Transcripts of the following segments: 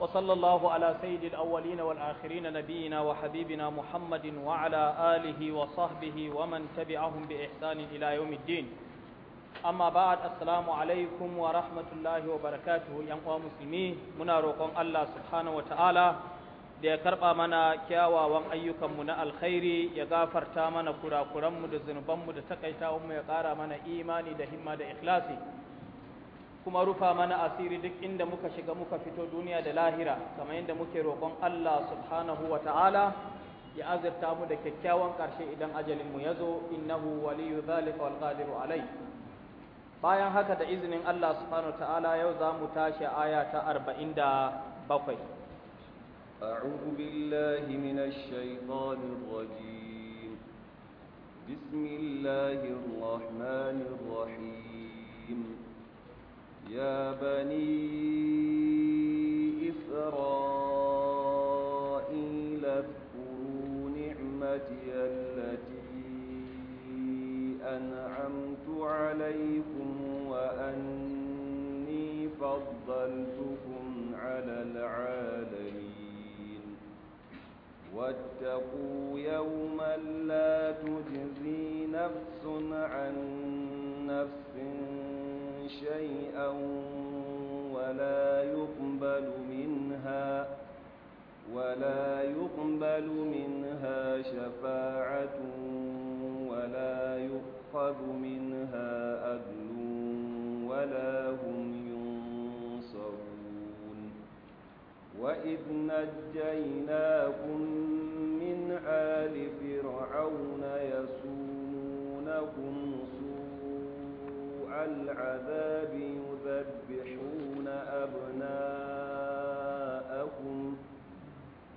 وصلى الله على سيد الأولين والآخرين نبينا وحبيبنا محمد وعلى آله وصحبه ومن تبعهم بإحسان إلى يوم الدين أما بعد السلام عليكم ورحمة الله وبركاته يا مسلمين منا روقون الله سبحانه وتعالى da ya karɓa mana kyawawan ayyukanmu na alkhairi ya gafarta mana kurakuranmu da zunubanmu da takaitawanmu ya ƙara mana imani da himma da ikhlasi kuma rufa mana asiri duk inda muka shiga muka fito duniya da lahira kamar yadda muke roƙon Allah subhanahu wa ta'ala ya azurta mu da kyakkyawan ƙarshe idan ajalin mu ya zo, innahu waliyu zalika wal qadiru alai bayan haka da izinin Allah subhanahu wa ta'ala yau za mu tashi aya ta 47 أعوذ بالله من الشيطان الرجيم بسم الله الرحمن الرحيم يا بني إسرائيل اذكروا نعمتي التي أنعمت عليكم وأني فضلتكم على العالمين واتقوا يوما لا تجزي نفس عن نفس شيئا ولا يقبل منها ولا يقبل منها شفاعة ولا يؤخذ منها أدل ولا هم ينصرون وإذ نجيناكم من آل فرعون يسومونكم سوء مع العذاب يذبحون أبناءكم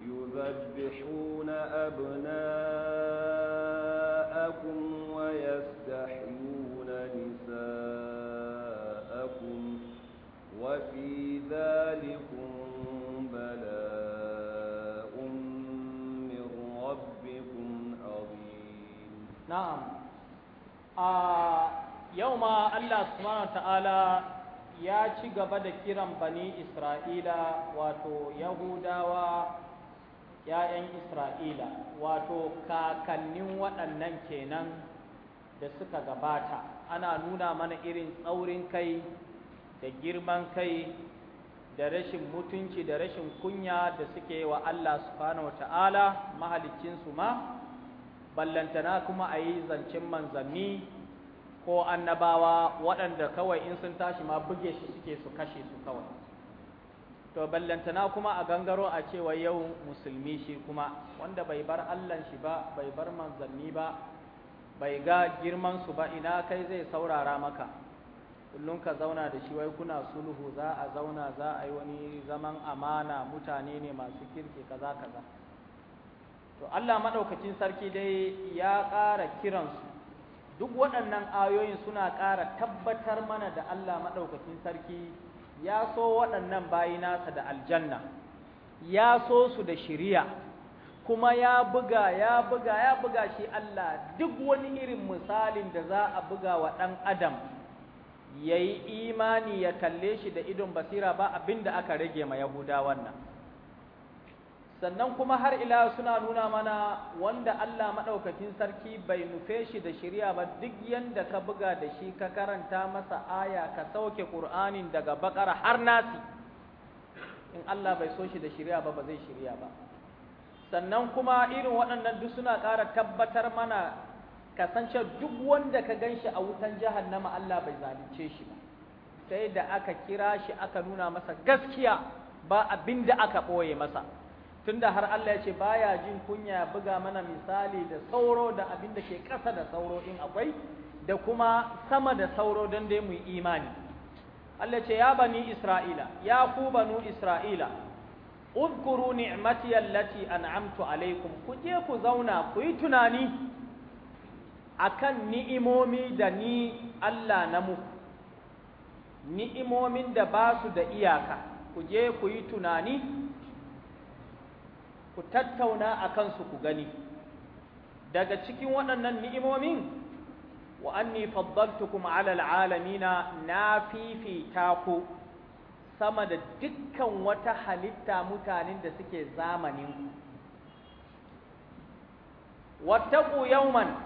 يذبحون Allah subhanahu ta'ala ya ci gaba da kiran bani Isra'ila wato Yahudawa ‘ya'yan Isra'ila wato kakannin waɗannan kenan da suka gabata ana nuna mana irin tsaurin kai da girman kai da rashin mutunci da rashin kunya da suke wa Allah subhanahu ta'ala mahaliccinsu ma ballantana kuma a yi zancen manzanni ko annabawa waɗanda kawai in sun tashi ma buge shi suke su kashe su kawai to ballantana kuma a gangaro a cewa yau musulmi shi kuma wanda bai bar allan shi ba bai bar manzanni ba bai ga girman su ba ina kai zai saurara maka kullum ka zauna da shi wai kuna sulhu za a zauna za a yi wani zaman amana mutane ne masu kirki kaza kaza to Allah maɗaukacin sarki dai ya ƙara kiransu duk waɗannan ayoyin suna ƙara tabbatar mana da Allah maɗaukacin sarki ya so waɗannan bayi nasa da aljanna ya so su da shiriya kuma ya buga ya buga ya buga shi Allah duk wani irin misalin da za a buga wa ɗan adam ya yi imani ya kalle shi da idon basira ba abinda aka rage ma yahuda wannan sannan kuma har ila suna nuna mana wanda Allah maɗaukakin sarki bai nufe shi da shirya ba duk yanda ka buga da shi ka karanta masa aya ka sauke ƙur'anin daga bakar har nasi in Allah bai so shi da shirya ba ba zai shirya ba sannan kuma irin waɗannan duk suna ƙara tabbatar mana kasance duk wanda ka ganshi a wutan jahannama Allah bai zalunce shi ba sai da aka kira shi aka nuna masa gaskiya ba abinda aka ɓoye masa tunda har Allah ya ce baya jin kunya buga mana misali da sauro da abin da ke ƙasa da sauro in akwai da kuma sama da sauro don dai mu imani Allah ya ce ya bani Isra'ila ya ku banu Isra'ila udkuru ni'mati allati an'amtu alaikum ku je ku zauna ku yi tunani akan ni'imomi da ni Allah na mu, ni'imomin da ba su da iyaka ku je ku yi tunani ku tattauna a kansu ku gani daga cikin waɗannan ni'imomin wa anni kuma alal alamina na fifita ku sama da dukkan wata halitta mutanen da suke zamanin ku yawman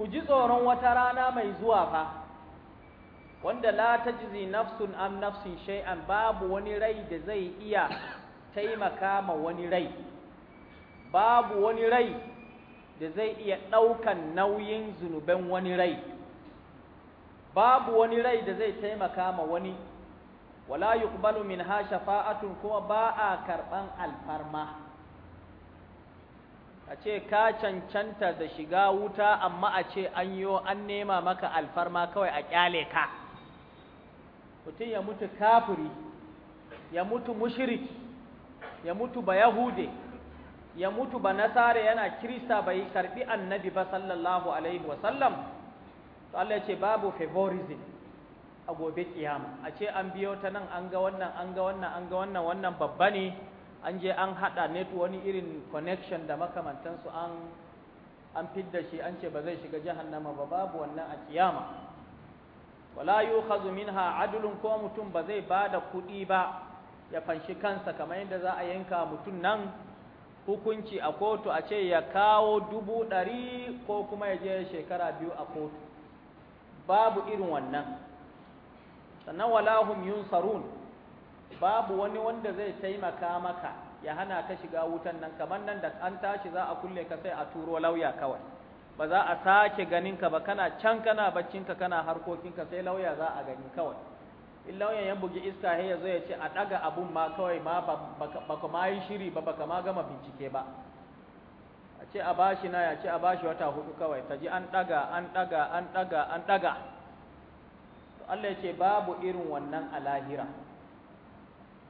ku ji tsoron wata rana mai zuwa fa wanda la tajzi nafsun an nafsin shay'an babu wani rai da zai iya taimaka ma wani rai babu wani rai da zai iya ɗaukan nauyin zunuben wani rai babu wani rai da zai taimaka ma wani wala yuqbalu minha shafa'atun kuma ba a karɓan alfarma a ce ka cancanta da shiga wuta amma a ce an yo an nema maka alfarma kawai a ƙyale ka mutum ya mutu kafiri ya mutu mushiriki ya mutu ba yahude ya mutu ba nasare yana kirista bai karbi annabi ba sallallahu alaihi wasallam to Allah ya ce babu favorism a gobe kiyama a ce an biyo ta nan an ga wannan an ga wannan an ga wannan wannan babba ne an je an haɗa net wani irin connection da makamantansu an an fidda shi an ce ba zai shiga jahannama ba babu wannan a kiyama wala yu'khadhu minha adlun ko mutum ba zai ba da kuɗi ba ya fanshi kansa kamar yadda za a yanka mutum nan hukunci a kotu a ce ya kawo dubu ɗari ko kuma ya je shekara biyu a kotu babu irin wannan sannan walahum sarun. babu wani wanda zai taimaka maka ya hana ka shiga wutan nan kamar nan da an tashi za a kulle ka sai a turo lauya kawai ba za a sake ganin ka ba kana can kana baccinka kana harkokinka sai lauya za a gani kawai illa wayan ya bugi iska ya zo ya ce a ɗaga abun ma kawai ma ka ma yi shiri ba ka ma gama bincike ba a ce a bashi na ya ce a bashi wata hudu kawai ta ji an ɗaga an ɗaga an ɗaga an ɗaga Allah ya ce babu irin wannan a lahira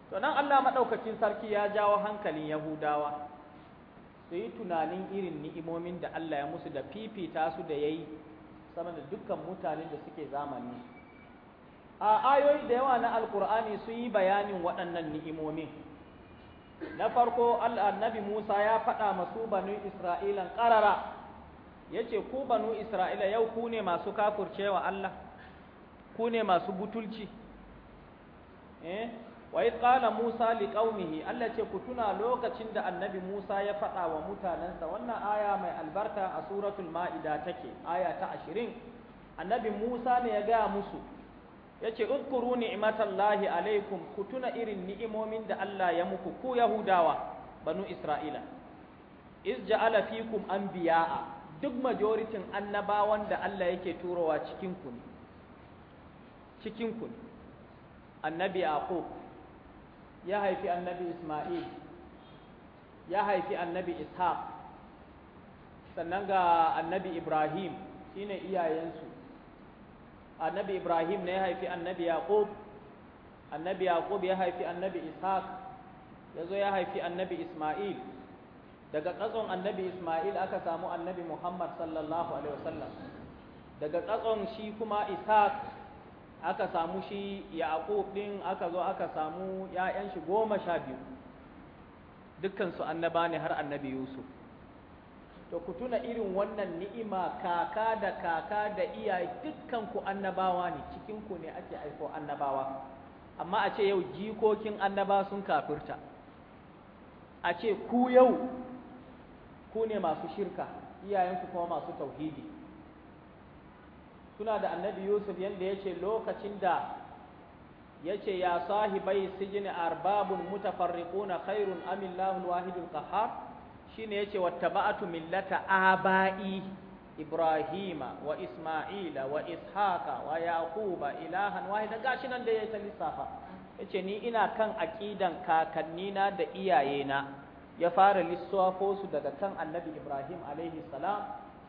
to nan Allah maɗaukacin sarki ya jawo hankalin yahudawa su yi tunanin irin ni'imomin da Allah ya musu da fifita su da yayi yi sama da dukkan mutanen da suke zamani a ayoyi da yawa na alkur'ani sun yi bayanin waɗannan ni'imomin na farko annabi Musa ya faɗa masu banu Isra'ilan ƙarara ya ce ku banu Isra'ila yau ku ne masu kafurcewa Allah ku ne masu butulci eh? wa yi ƙala Musa liƙaunihi Allah ce ku tuna lokacin da annabi Musa ya faɗa wa mutanensa wannan aya mai albarka a suratul ma'ida take aya ta ashirin annabi Musa ne ya gaya musu yace uzkuru ni'matallahi alaikum ku tuna irin ni'imomin da Allah ya muku ku Yahudawa banu Isra'ila iz ja'ala fikum anbiya'a duk majoritin annabawan da Allah yake turowa cikin ku ne cikin ku annabi Yaqub ya haifi annabi Isma'il ya haifi annabi Ishaq sannan ga annabi Ibrahim shine iyayensu annabi ibrahim ne ya haifi annabi yaqub annabi yaqub ya haifi annabi ishaq ya zo ya haifi annabi isma'il daga katson annabi isma'il aka samu annabi muhammad sallallahu alaihi wasallam daga katson shi kuma ishaq aka samu shi yaqub din aka zo aka samu 'ya'yan shi goma sha biyu dukkansu annaba ne har annabi yusuf to ku tuna irin wannan ni'ima kaka da kaka da iyaye dukkan ku annabawa ne cikin ku ne ake aiko annabawa amma a ce yau jikokin annaba sun kafirta a ce ku yau ku ne masu shirka iyayenku kuma masu tauhidi tuna da annabi yusuf yadda ya ce lokacin da ya ce ya sahibai sijini arbabun mutafarriquna khairun amillahul wahidul qahhar shine yace wattaba'atu millata aba'i ibrahima wa isma'ila wa ishaqa wa yaquba ilahan wahida gashi nan da yayin ta lissafa yace ni ina kan aqidan kakannina da iyayena ya fara lissafo su daga kan annabi ibrahim alaihi salam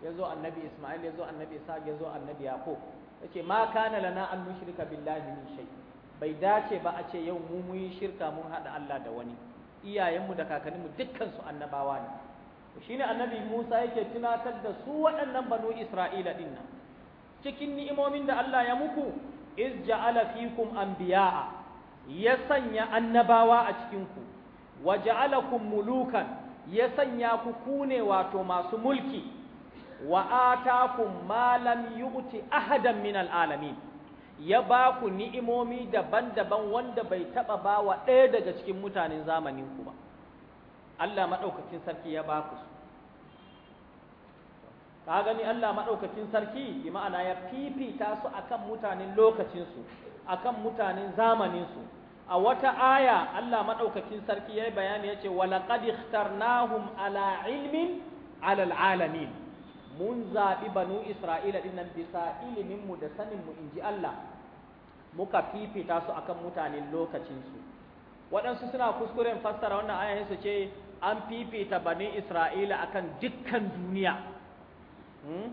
yazo annabi isma'il yazo annabi ishaq yazo annabi yaqub yace ma kana lana an mushrika billahi min shay bai dace ba a ce yau mu muyi shirka mun hada Allah da wani iyayenmu da kakanninmu dukkansu annabawa ne shi ne annabi Musa yake tunatar da su waɗannan banu Isra'ila ɗin nan cikin ni'imomin da Allah ya muku iz ja'ala fikum anbiya'a ya sanya annabawa a cikinku wa ja'alakum mulukan ya sanya ku kune wato masu mulki wa atakum ma lam yu'ti ahadan min al'alamin ya ba ku ni'imomi daban-daban wanda bai taɓa ba wa ɗaya daga cikin mutanen zamanin ku ba Allah maɗaukakin sarki ya ba ku su ka gani Allah maɗaukakin sarki bi ma'ana ya fifita su akan mutanen lokacinsu akan mutanen zamaninsu a wata aya Allah maɗaukakin sarki ya yi bayani ya ce walaƙad ikhtarnahum ala ilmin alal alamin mun zaɓi banu isra'ila dinnan bisa iliminmu da saninmu in ji Allah muka fifita su akan mutanen lokacinsu waɗansu suna kuskuren fassara wannan ayahin su ce an fifita bani isra'ila akan dukkan duniya hmm?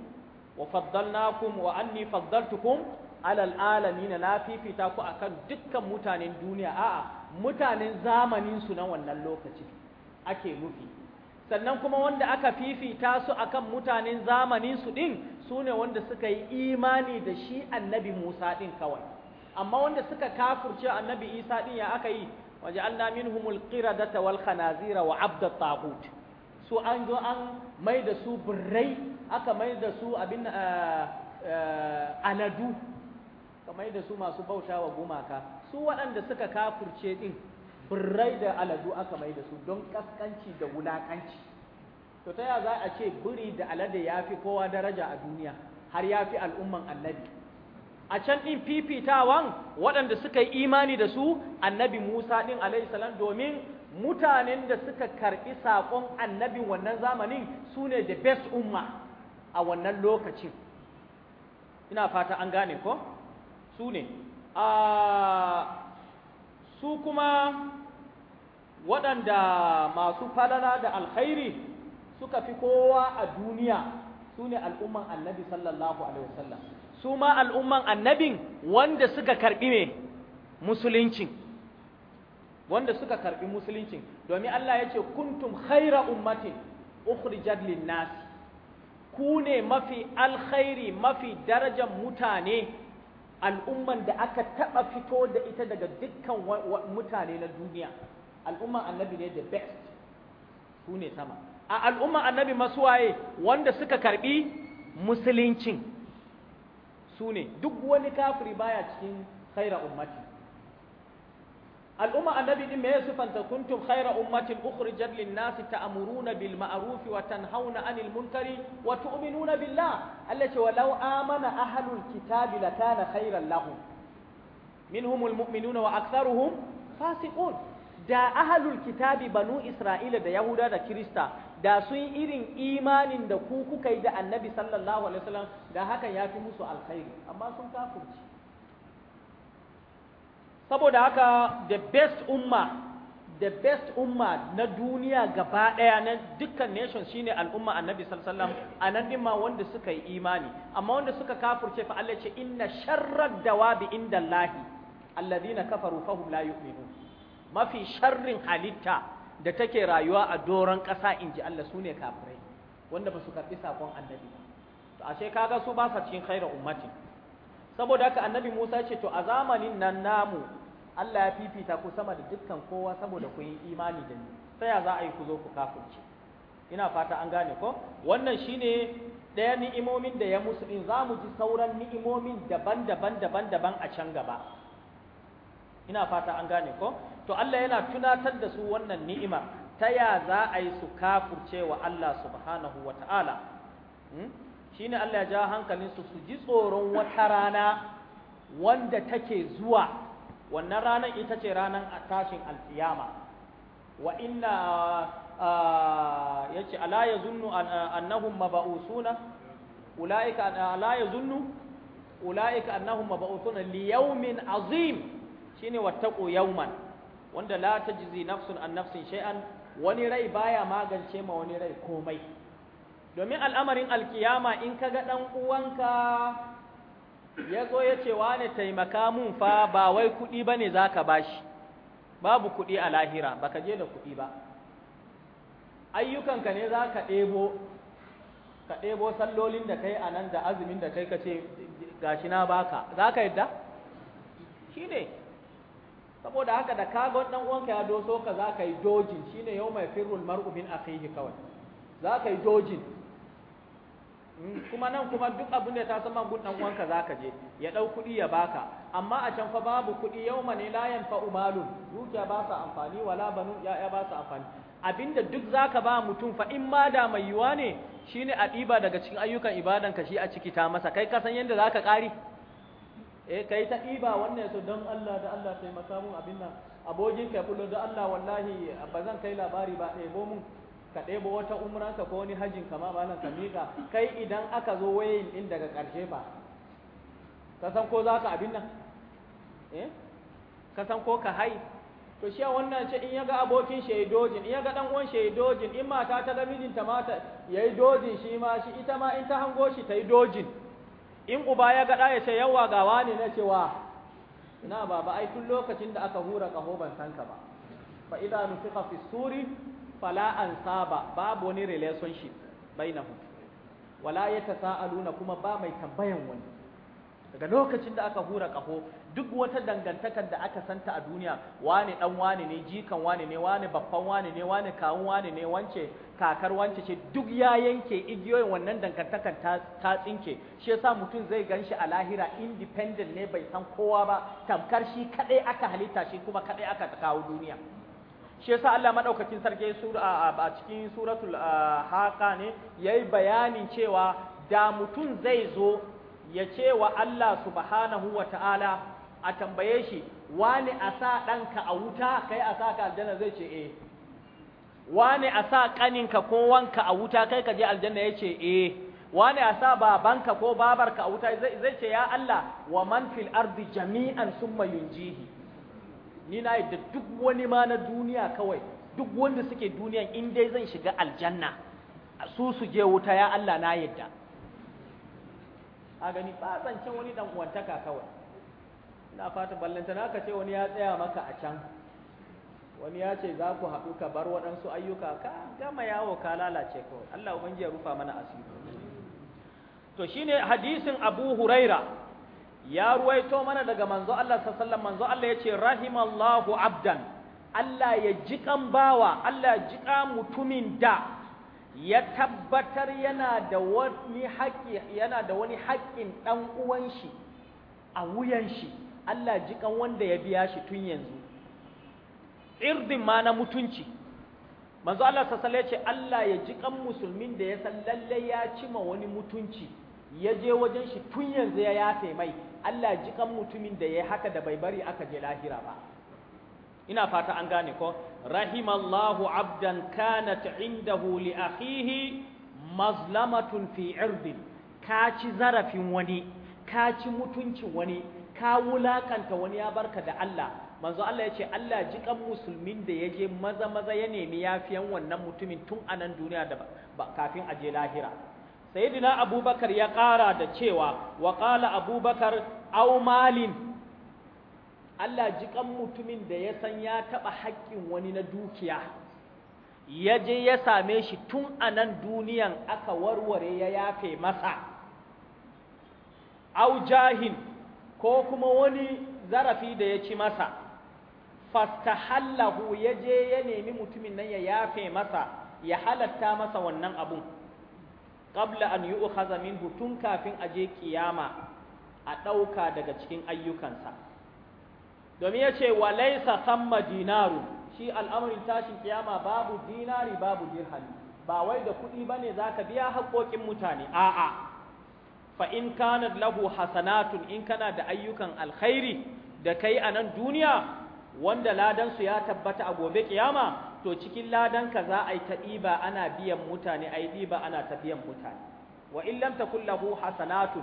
wa faddalnakum wa anni faddaltukum alal alamin na fifita ku akan dukkan mutanen duniya a'a mutanen zamanin su na wannan lokaci ake nufi sannan kuma wanda aka fifita su akan mutanen zamanin su din sune wanda suka yi imani da shi annabi Musa din kawai amma wanda suka kafurce annabi isa din ya aka yi waje an namin humul qiradata wal khanazira wa abda tagut su an zo an mai da su birrai aka mai da su abin eh, eh, aladu aka mai da su masu bauta wa gumaka su waɗanda suka kafurce din birrai da aladu aka mai da su don ƙasƙanci da wulaƙanci. to ta ya za a ce biri da alade ya fi kowa daraja a duniya har ya fi al'umman annabi a can ɗin fifitawan waɗanda suka yi imani da su annabi Musa ɗin alaihissalam domin mutanen da suka karɓi saƙon annabin wannan zamanin su ne the best umma a wannan lokacin ina fata an gane ko su ne su kuma waɗanda masu falala da alkhairi suka fi kowa a duniya su ne al'umman annabi sallallahu alaihi wasallam su ma al'umman annabin wanda suka karbi ne musuluncin wanda suka karbi musuluncin domin Allah ya ce kuntum khaira ummatin ukhrijat lin-nas ku ne mafi alkhairi mafi darajar mutane al'umman da aka taba fito da ita daga dukkan mutane na duniya al'umman annabi ne the best ku ne sama a al'umman annabi waye wanda suka karbi musuluncin su ne duk wani kafiri baya cikin khaira ummati al'umma annabi din me sifanta kuntum khaira ummatin ukhrijat lin nasi ta'muruna bil ma'ruf wa tanhauna 'anil munkari wa tu'minuna billah Allah ce walau amana ahlul kitabi lakana khairan lahum minhumul mu'minuna wa aktharuhum fasiqun da ahalul kitabi banu isra'ila da yahuda da kirista da sun irin imanin da ku kuka yi da annabi sallallahu alaihi wasallam da hakan ya fi musu alkhairi amma sun kafurci saboda haka the best umma the best umma na duniya gaba daya na dukkan nation shine al'umma annabi sallallahu alaihi wasallam anan din ma wanda suka yi imani amma wanda suka kafurce fa Allah ce inna sharrad dawabi indallahi alladhina kafaru fahum la yu'minun mafi sharrin halitta da take rayuwa a doron ƙasa in ji Allah su ne kafirai wanda ba su karɓi saƙon annabi ba to ashe kaga su ba sa cikin khairar ummati saboda haka annabi Musa ce to a zamanin nan namu Allah ya fifita ku sama da dukkan kowa saboda ku yi imani da ni sai ya za a yi ku zo ku kafirce ina fata an gane ko wannan shine ɗaya ni'imomin da ya musu in za mu ji sauran ni'imomin daban-daban daban-daban a can gaba ina fata an gane ko to Allah yana tunatar da su wannan ni'ima ta ya za a yi su kafurce wa Allah subhanahu wa ta'ala hmm? shi ne Allah ya ja hankalinsu su ji tsoron wata rana wanda take zuwa wannan ranar ita ce ranar a tashin alfiyama wa ina, ya ce ala ya zunnu annahum maba'usuna ula'ika ala ya zunnu ula'ika annahum maba'usuna liyaumin azim shi ne wattaqu yawman wanda la jizi nafsun an nafsin shay'an wani rai baya magance ma wani rai komai domin al'amarin alkiyama in ka ɗan uwanka ya zo ya ce wane taimaka mun fa ba wai kuɗi ba ne za ka ba shi. babu kuɗi a lahira ba ka je da kuɗi ba ayyukanka ne ka ɗebo ka ɗebo sallolin da kai a nan da azumin da kai ka ce gashi na baka za ka yadda shi ne saboda haka da ka dan uwanka ya doso ka za ka yi dojin shine yau mai firul mar'u min akhihi kawai za ka yi dojin hmm, kuma nan kuma duk abin da ta san man gun dan uwanka za ka je ya dau kudi ya baka amma a can fa babu kudi yau ne la yanfa umalun dukiya ba sa amfani wala banu ya'ya ba sa amfani abinda duk zaka ba mutum fa in ma da mai yuwa ne shine a ɗiba daga cikin ayyukan ibadanka shi a ciki ta masa kai ka san yanda ka kari eh kai ta ɗiba wannan su don Allah da Allah taimaka mun abin nan abokin kai kullu da Allah wallahi ba zan kai labari ba ɗebo mun ka ɗebo wata umranka ko wani hajin kama, ba nan ka miƙa kai idan aka zo wayin din daga ƙarshe ba ka san ko za ka abin nan eh ka san ko ka hai to shi wannan ce in ya ga abokin shi yi dojin in ya ga dan uwan shi yi dojin in mata ta ga mijinta mata yayi dojin shi ma shi ita ma in ta hango shi ta yi dojin in uba ya gaɗa ya ce yawa gawa ne na cewa ina ba ai tun lokacin da aka hura ƙaho ban ba? ba fa idza nufiqa fi suri fala ansaba babu wani relationship hutu? wala yatasaaluna kuma ba mai tambayan wani daga lokacin da aka hura kaho duk wata dangantakar da aka santa a duniya wane dan wane ne jikan wane ne wane babban wane ne wane kawun wane ne wance kakar wance ce duk ya yanke igiyoyin wannan dangantakar ta, ta tsinke shi yasa mutum zai ganshi a lahira independent ne bai san kowa ba tamkar shi kadai aka halitta shi kuma kadai aka kawo duniya shi yasa Allah madaukakin sarki sura a cikin suratul haqa ne yayi bayanin cewa da mutum zai zo ya ce wa Allah subhanahu wa ta'ala a tambaye shi wani a sa ɗanka a wuta kai a sa ka aljanna zai ce e? Eh. wani a sa ƙaninka ko wanka a wuta kai ka je aljanna ya ce e? Eh. wani a sa babanka ko babarka a wuta zai ce ya Allah wa man fil ardi jami'an sun mayun jihi? ni na yadda duk wani ma na duniya kawai duk wanda suke duniyan in dai zan shiga aljanna su su je wuta ya Allah na yadda a gani ba zancen wani dan uwantaka kawai ina fata ballanta ka ce wani ya tsaya maka a can wani ya ce za ku haɗu ka bar waɗansu ayyuka ka gama yawo ka lalace kawai Allah ubangiji ya rufa mana asiri to shine hadisin Abu Huraira ya ruwaito mana daga manzo Allah sallallahu manzo Allah yace rahimallahu abdan Allah ya jikan bawa Allah ya jika mutumin da ya tabbatar yana da wani haƙƙi yana da wani haƙƙin ɗan uwan shi a wuyan shi Allah jikan wanda ya biya shi tun yanzu irdin ma na mutunci manzo Allah sassale ce Allah ya jikan musulmin da ya san lalle ya ma wani mutunci ya je wajen shi tun yanzu ya yafe mai Allah jikan mutumin da ya haka da bai bari aka je lahira ba ina fata an gane ko rahimallahu abdan kanat indahu li akhihi mazlamatun fi irdin ka ci zarafin wani ka ci mutuncin wani ka wulakanta wani ya barka da Allah manzo Allah ya ce Allah jikan musulmin da yaje maza maza ya nemi yafiyan wannan mutumin tun anan duniya da ba, kafin aje lahira sayyidina abubakar ya kara da cewa wa qala abubakar aw malin Allah jikan mutumin da ya san ya taɓa haƙƙin wani na dukiya ya je ya same shi tun a nan duniyan aka warware ya yafe masa au jahin ko kuma wani zarafi da ya ci masa fastahallahu ya je ya nemi mutumin nan ya yafe masa ya halatta masa wannan abun qabla an yi yu'khadha minhu tun kafin a je kiyama a ɗauka daga cikin ayyukansa domin ya ce walaisa samma dinaru shi al'amarin tashin kiyama babu dinari babu dirhami ba wai da kuɗi ba ne za ka biya haƙoƙin mutane a'a fa in kanat lahu hasanatun in kana da ayyukan alkhairi da kai a nan duniya wanda ladansu ya tabbata a gobe kiyama to cikin ladanka za a yi ta ɗiba ana biyan mutane a yi ɗiba ana ta biyan mutane wa in lam takun lahu hasanatun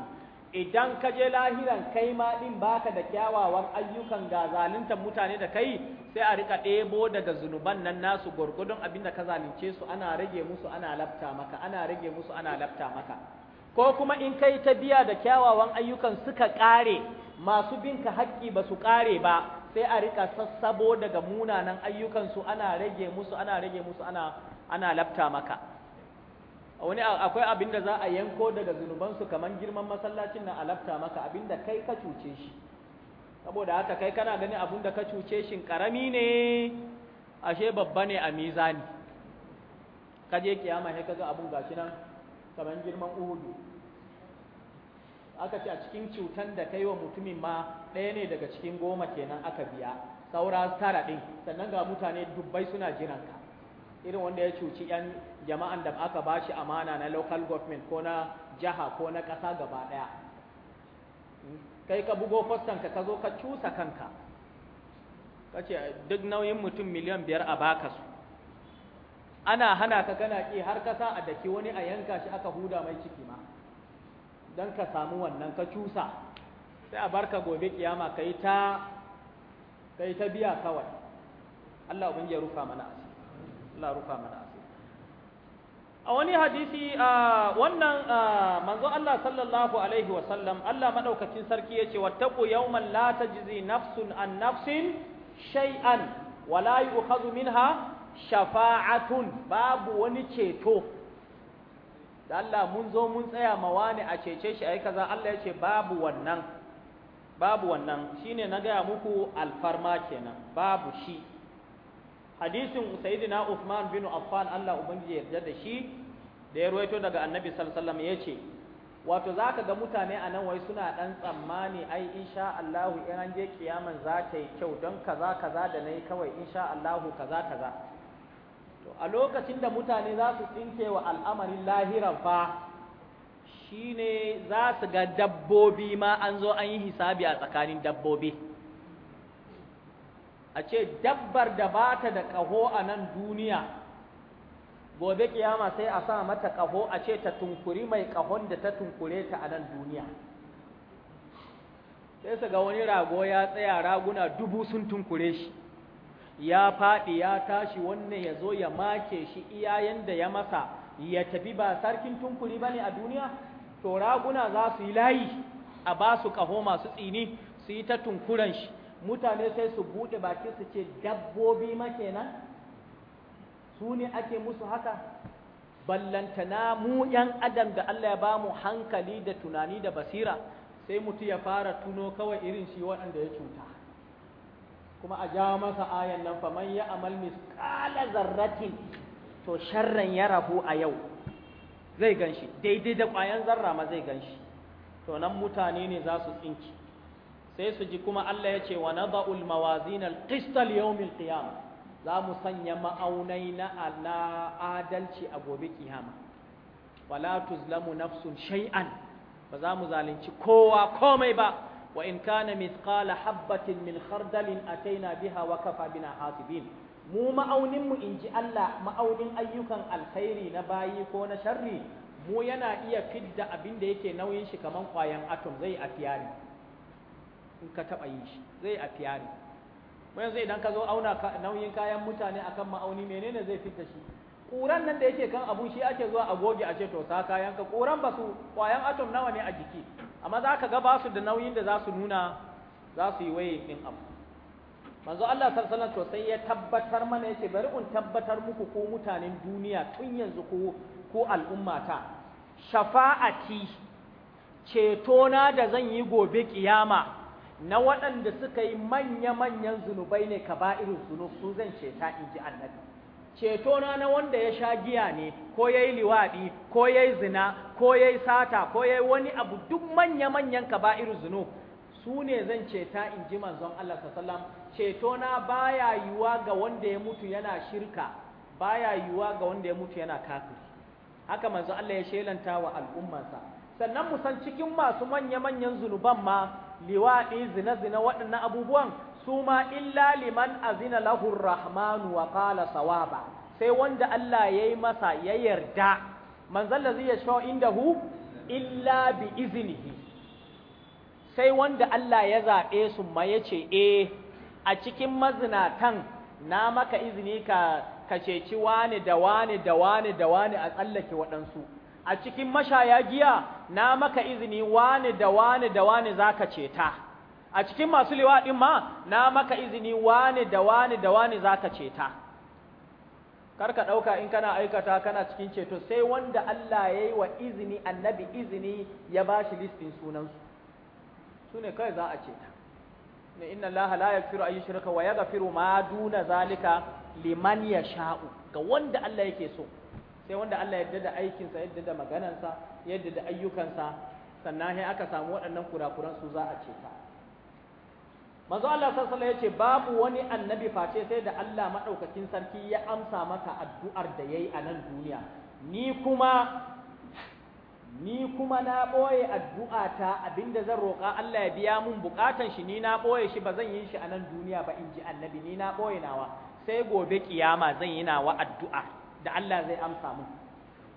idan ka je lahiran kai ma din baka da kyawawan ayyukan ga zaluntar mutane da kai sai a rika ɗebo daga zunuban nan nasu gurgudun abinda ka zalunce su ana rage musu ana lafta maka ana rage musu ana lafta maka ko kuma in kai ta biya da kyawawan ayyukan suka ƙare masu binka haƙƙi ba su ƙare ba sai a rika sassabo daga munanan ayyukansu ana rage musu ana rage musu ana ana lafta maka wani akwai abin da za a yanko daga zunubansu kamar girman masallacin na alafta maka abin da kai ka cuce shi saboda haka kai kana gani abin da ka cuce shi karami ne ashe babba ne a mizani ka je kiyama sai ga abun gashi nan kamar girman uhudu aka ce a cikin cutan da kai wa mutumin ma ɗaya ne daga cikin goma kenan aka biya saura tara ɗin sannan ga mutane dubbai suna jiranka irin wanda ya cuci 'yan jama'an da aka ba shi amana na local government ko na jaha ko na ƙasa gaba ɗaya kai ka bugo fostanka ka zo ka cusa kanka ka ce duk nauyin mutum miliyan biyar a baka su ana hana ka gana ƙi har ka sa a daki wani a yanka shi aka huda mai ciki ma don ka samu wannan ka cusa sai a barka gobe kiyama ka ta ta biya kawai Allah ubangiji ya rufa mana asiri Allah rufa mana a wani hadisi a wannan manzo Allah sallallahu alaihi wasallam Allah madaukakin sarki yace wattaqu yawman la tajzi nafsun an nafsin shay'an wa la yu'khadhu minha shafa'atun babu wani ceto da Allah mun zo mun tsaya mawani a cece shi ai kaza Allah yace babu wannan babu wannan shine na gaya muku alfarma kenan babu shi hadisin sayyidina Uthman bin Affan Allah ubangiji ya yarda da shi da ya ruwaito daga annabi sallallahu alaihi wasallam yace wato zaka ga mutane anan wai suna dan tsammani ai insha Allah in an je kiyaman za ta yi kyau don kaza kaza da nayi kawai insha Allah kaza kaza to a lokacin da mutane za su tsinke wa al'amarin lahiran fa shine za su ga dabbobi ma an zo an yi hisabi a tsakanin dabbobi a ce dabbar da ba ta da ƙaho a nan duniya gobe kiyama sai a sa mata ƙaho a ce ta tunkuri mai ƙahon da ta tunkure ta a nan duniya sai su ga wani rago ya tsaya raguna dubu sun tunkure shi ya faɗi ya tashi wannan ya zo ya make shi iyayen da ya masa ya tafi ba sarkin tunkuri ba ne a duniya to raguna za su yi layi a ba su ƙaho masu tsini su yi ta tunkuran shi mutane sai su buɗe baki su ce dabbobi ma kenan su ne ake musu haka ballantana mu ‘yan adam da Allah ya ba mu hankali da tunani da basira sai mutu ya fara tuno kawai irin shi waɗanda ya cuta kuma a jawo masa ayan nan fa man ya amal misƙala zarratin to sharran ya rabu a yau zai ganshi daidai da ƙwayan zarra ma zai ganshi to nan mutane ne za su tsinki sai su ji kuma Allah ya ce wa nada'ul mawazin al-qist al-yawm al za mu sanya ma'aunai na ala adalci a gobe kiyama wala tuzlamu nafsun shay'an ba za mu zalunci kowa komai ba wa in kana mithqala habatin min khardalin ataina biha wa kafa bina hasibin mu ma'aunin mu inji Allah ma'aunin ayyukan alkhairi na bayi ko na sharri mu yana iya fidda abin da yake nauyin shi kaman kwayan atom zai afiyani in ka taɓa yi shi zai a fiyari yanzu idan ka zo auna nauyin kayan mutane akan ma'auni menene zai fita shi ƙuran nan da yake kan abu shi ake zuwa a goge a ce to sa kayan ka ƙuran ba su ƙwayan atom nawa ne a jiki amma za ka ga ba su da nauyin da za su nuna za su yi waye ɗin abu manzo Allah sallallahu alaihi sai ya tabbatar mana yace bari in tabbatar muku ko mutanen duniya tun yanzu ko ko al'ummata shafa'ati ceto na da zan yi gobe kiyama na waɗanda suka yi manya-manyan zunubai ne ka ba'irin zunub su zan ceta in ji annabi ceto na na wanda ya sha giya ne ko ya yi liwaɗi ko ya yi zina ko ya yi sata ko ya yi wani abu duk manya-manyan ka ba'irin zunub su ne zan ceta in ji manzon Allah sallam ceto na baya yiwuwa ga wanda ya mutu yana shirka baya yiwuwa ga wanda ya mutu yana kafiri haka manzon Allah ya shelanta wa al'ummarsa sannan musan cikin masu manya-manyan zunuban ma liwaɗi zina-zina waɗannan abubuwan su ma illa liman azina lahur rahmanu wa qala sawaba sai wanda Allah ya yi masa ya yarda manzon da zai inda indahu illa bi iznihi sai wanda Allah ya zaɓe su ma ya ce eh a cikin mazinatan na maka izini ka ka ceci wani da wani da wani da wani a tsallake waɗansu a cikin mashaya giya na maka izini wani da wani da wani zaka ceta a cikin masu liwaɗin ma na maka izini wani da wani da wani zaka ceta kar ka ɗauka in kana aikata kana cikin ceto sai wanda Allah ya yi wa izini annabi izini ya ba shi listin sunansu su ne kai za a ta ne inna Allah la yaghfiru ay yushraka wa yaghfiru ma duna zalika liman yasha'u ga wanda Allah yake so sai wanda Allah yadda da aikinsa yadda da maganansa yadda da ayyukansa sannan sai aka samu waɗannan kurakuran su za a ce ta manzo Allah sallallahu alaihi yace babu wani annabi face sai da Allah madaukakin sarki ya amsa maka addu'ar da yayi a nan duniya ni kuma ni kuma na boye addu'ata abinda zan roƙa Allah ya biya mun bukatan shi ni na boye shi ba zan yi shi a nan duniya ba in ji annabi ni na boye nawa sai gobe kiyama zan yi nawa addu'a da Allah zai amsa mu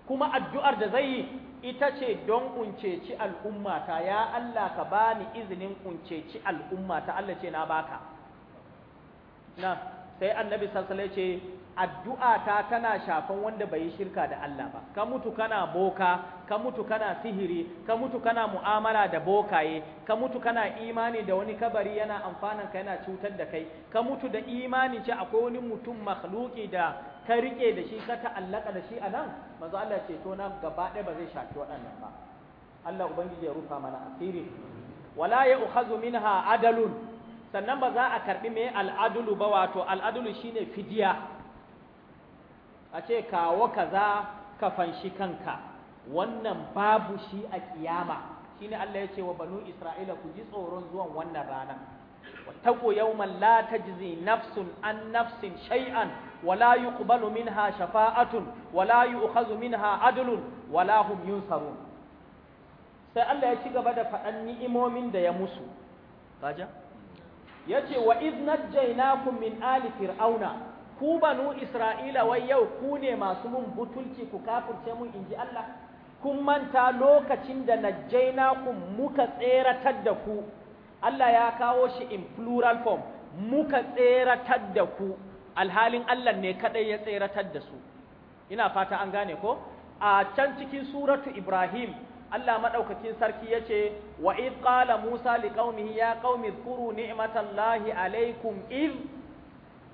kuma addu'ar da zai yi ita ce don kunceci al'ummata ya Allah ka bani izinin kunceci al'ummata Allah ce na baka na sai annabi sassale ce addu'a ta tana shafan wanda bai yi shirka da Allah ba ka mutu kana boka ka mutu kana sihiri ka mutu kana mu'amala da bokaye ka mutu kana imani da wani kabari yana amfanan ka yana cutar da kai ka mutu da imani ce akwai wani mutum makhluki da ka riƙe da shi ka ta'allaka da shi a nan manzo Allah ce to gaba ɗaya ba zai shafi waɗannan ba Allah ubangiji ya rufa mana asiri wala ya ukhazu minha adalun sannan ba za a karbi me al'adulu ba wato al'adulu shine fidiya a ce kawo kaza ka fanshi kanka wannan babu shi a kiyama shine Allah ya ce wa banu Isra'ila ku ji tsoron zuwan wannan ranar واتقوا يوما لا تجزي نفس عن نفس شيئا ولا يقبل منها شفاعة ولا يؤخذ منها عدل ولا هم ينصرون sai Allah ya ci gaba da faɗan ni'imomin da ya musu kaja yace wa idh najjaynakum min ali fir'auna ku banu isra'ila wai yau ku ne masu mun butulci ku kafirce mun inji Allah kun manta lokacin da najjaynakum muka tseratar da ku Allah ya kawo shi in plural form muka tseratar da ku alhalin Allah ne kadai ya tseratar da su ina fata an gane ko a can cikin suratu Ibrahim Allah madaukakin sarki yace wa id qala Musa liqaumihi ya qaumi dhkuru ni'matallahi alaikum id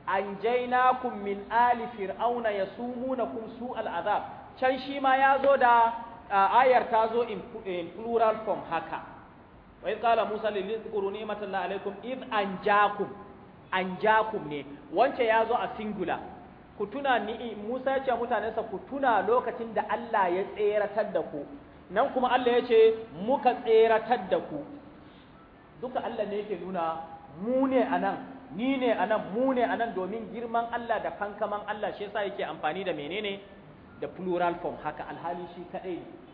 anjaynakum min ali fir'auna yasumunakum su'al azab can shi ma yazo da ayar ta zo in plural form haka wa idh qala musa lil yadhkuru ni'matan alaikum idh anjakum anjakum ne wance ya zo a singular ku tuna ni Musa ya ce mutanensa ku tuna lokacin da Allah ya tseratar da ku nan kuma Allah ya ce muka tseratar da ku duka Allah ne yake nuna mu ne anan ni ne anan mu ne anan domin girman Allah da kankaman Allah shi yasa yake amfani da menene da plural form haka alhali shi kadai ne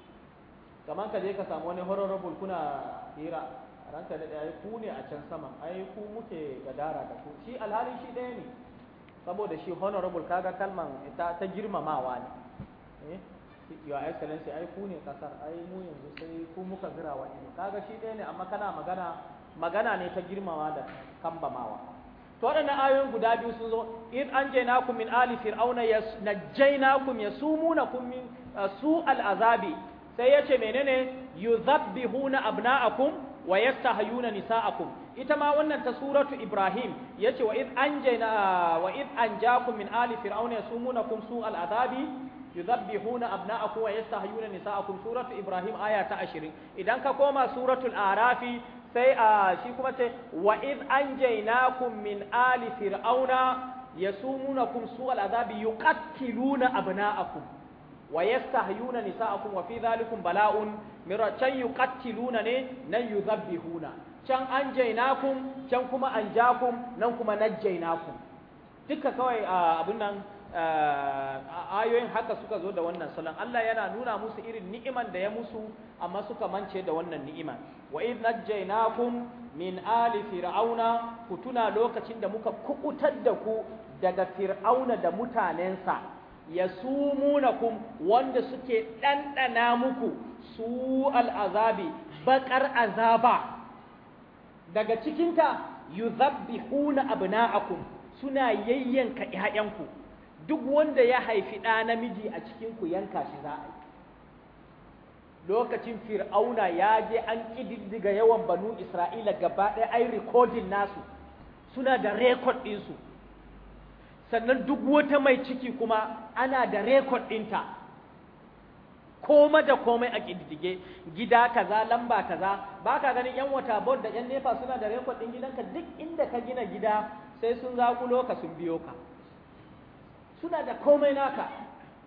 kamar ka je ka samu wani honorable kuna hira ranka da ɗaya ku ne a can sama ai ku muke gadara da ku shi alhalin shi ɗaya ne saboda shi honorable kaga kalman ta, ta girmamawa ne eh your excellency ai ku ne kasar ai mu yanzu sai ku muka zira wa ido kaga shi ɗaya ne amma kana magana magana ne ta girmama da kambamawa to waɗannan ayoyin guda biyu sun zo in an je nakum min ali fir'auna najjaynakum yasumunakum min su azabi sai ya ce menene yuzabbihuna abna'akum wa nisa nisa'akum ita ma wannan ta suratu ibrahim ya ce wa id an wa id min ali fir'auna ya sumuna su yasumunakum su'al adhabi yuzabbihuna abna'akum wa nisa nisa'akum suratu ibrahim aya ta 20 idan ka koma suratul arafi sai a shi kuma ce wa id anjaynakum min ali fir'auna ya sumuna su yasumunakum su'al adhabi yuqattiluna abna'akum wa yastahyuna nisa'akum wa fi dhalikum bala'un mira can yuqattiluna ne nan yuzabbihuna can anjaynakum can kuma anjakum nan kuma najjaynakum duka kawai abin nan ayoyin haka suka zo da wannan salon Allah yana nuna musu irin ni'iman da ya musu amma suka mance da wannan ni'ima wa id najjaynakum min ali fir'auna kutuna lokacin da muka kukutar da ku daga fir'auna da mutanensa yasumunakum wanda suke ɗanɗana muku su al'azabi baƙar azaba daga cikinta yuzabbihuna abna'akum suna yayyanka 'ya'yanku. duk wanda ya haifi ɗa namiji a cikinku yanka shi za a lokacin fir'auna ya je an ƙididdiga yawan banu isra'ila gaba ɗaya ai rikodin nasu suna da rekod ɗinsu sannan duk wata mai ciki kuma ana da rekod ɗinta koma da komai a ƙididdige gida kaza lamba kaza ba ka ganin yan wata bod da yan nefa suna da rekod ɗin gidanka duk inda ka gina gida sai sun zaƙulo ka sun biyo ka suna da komai naka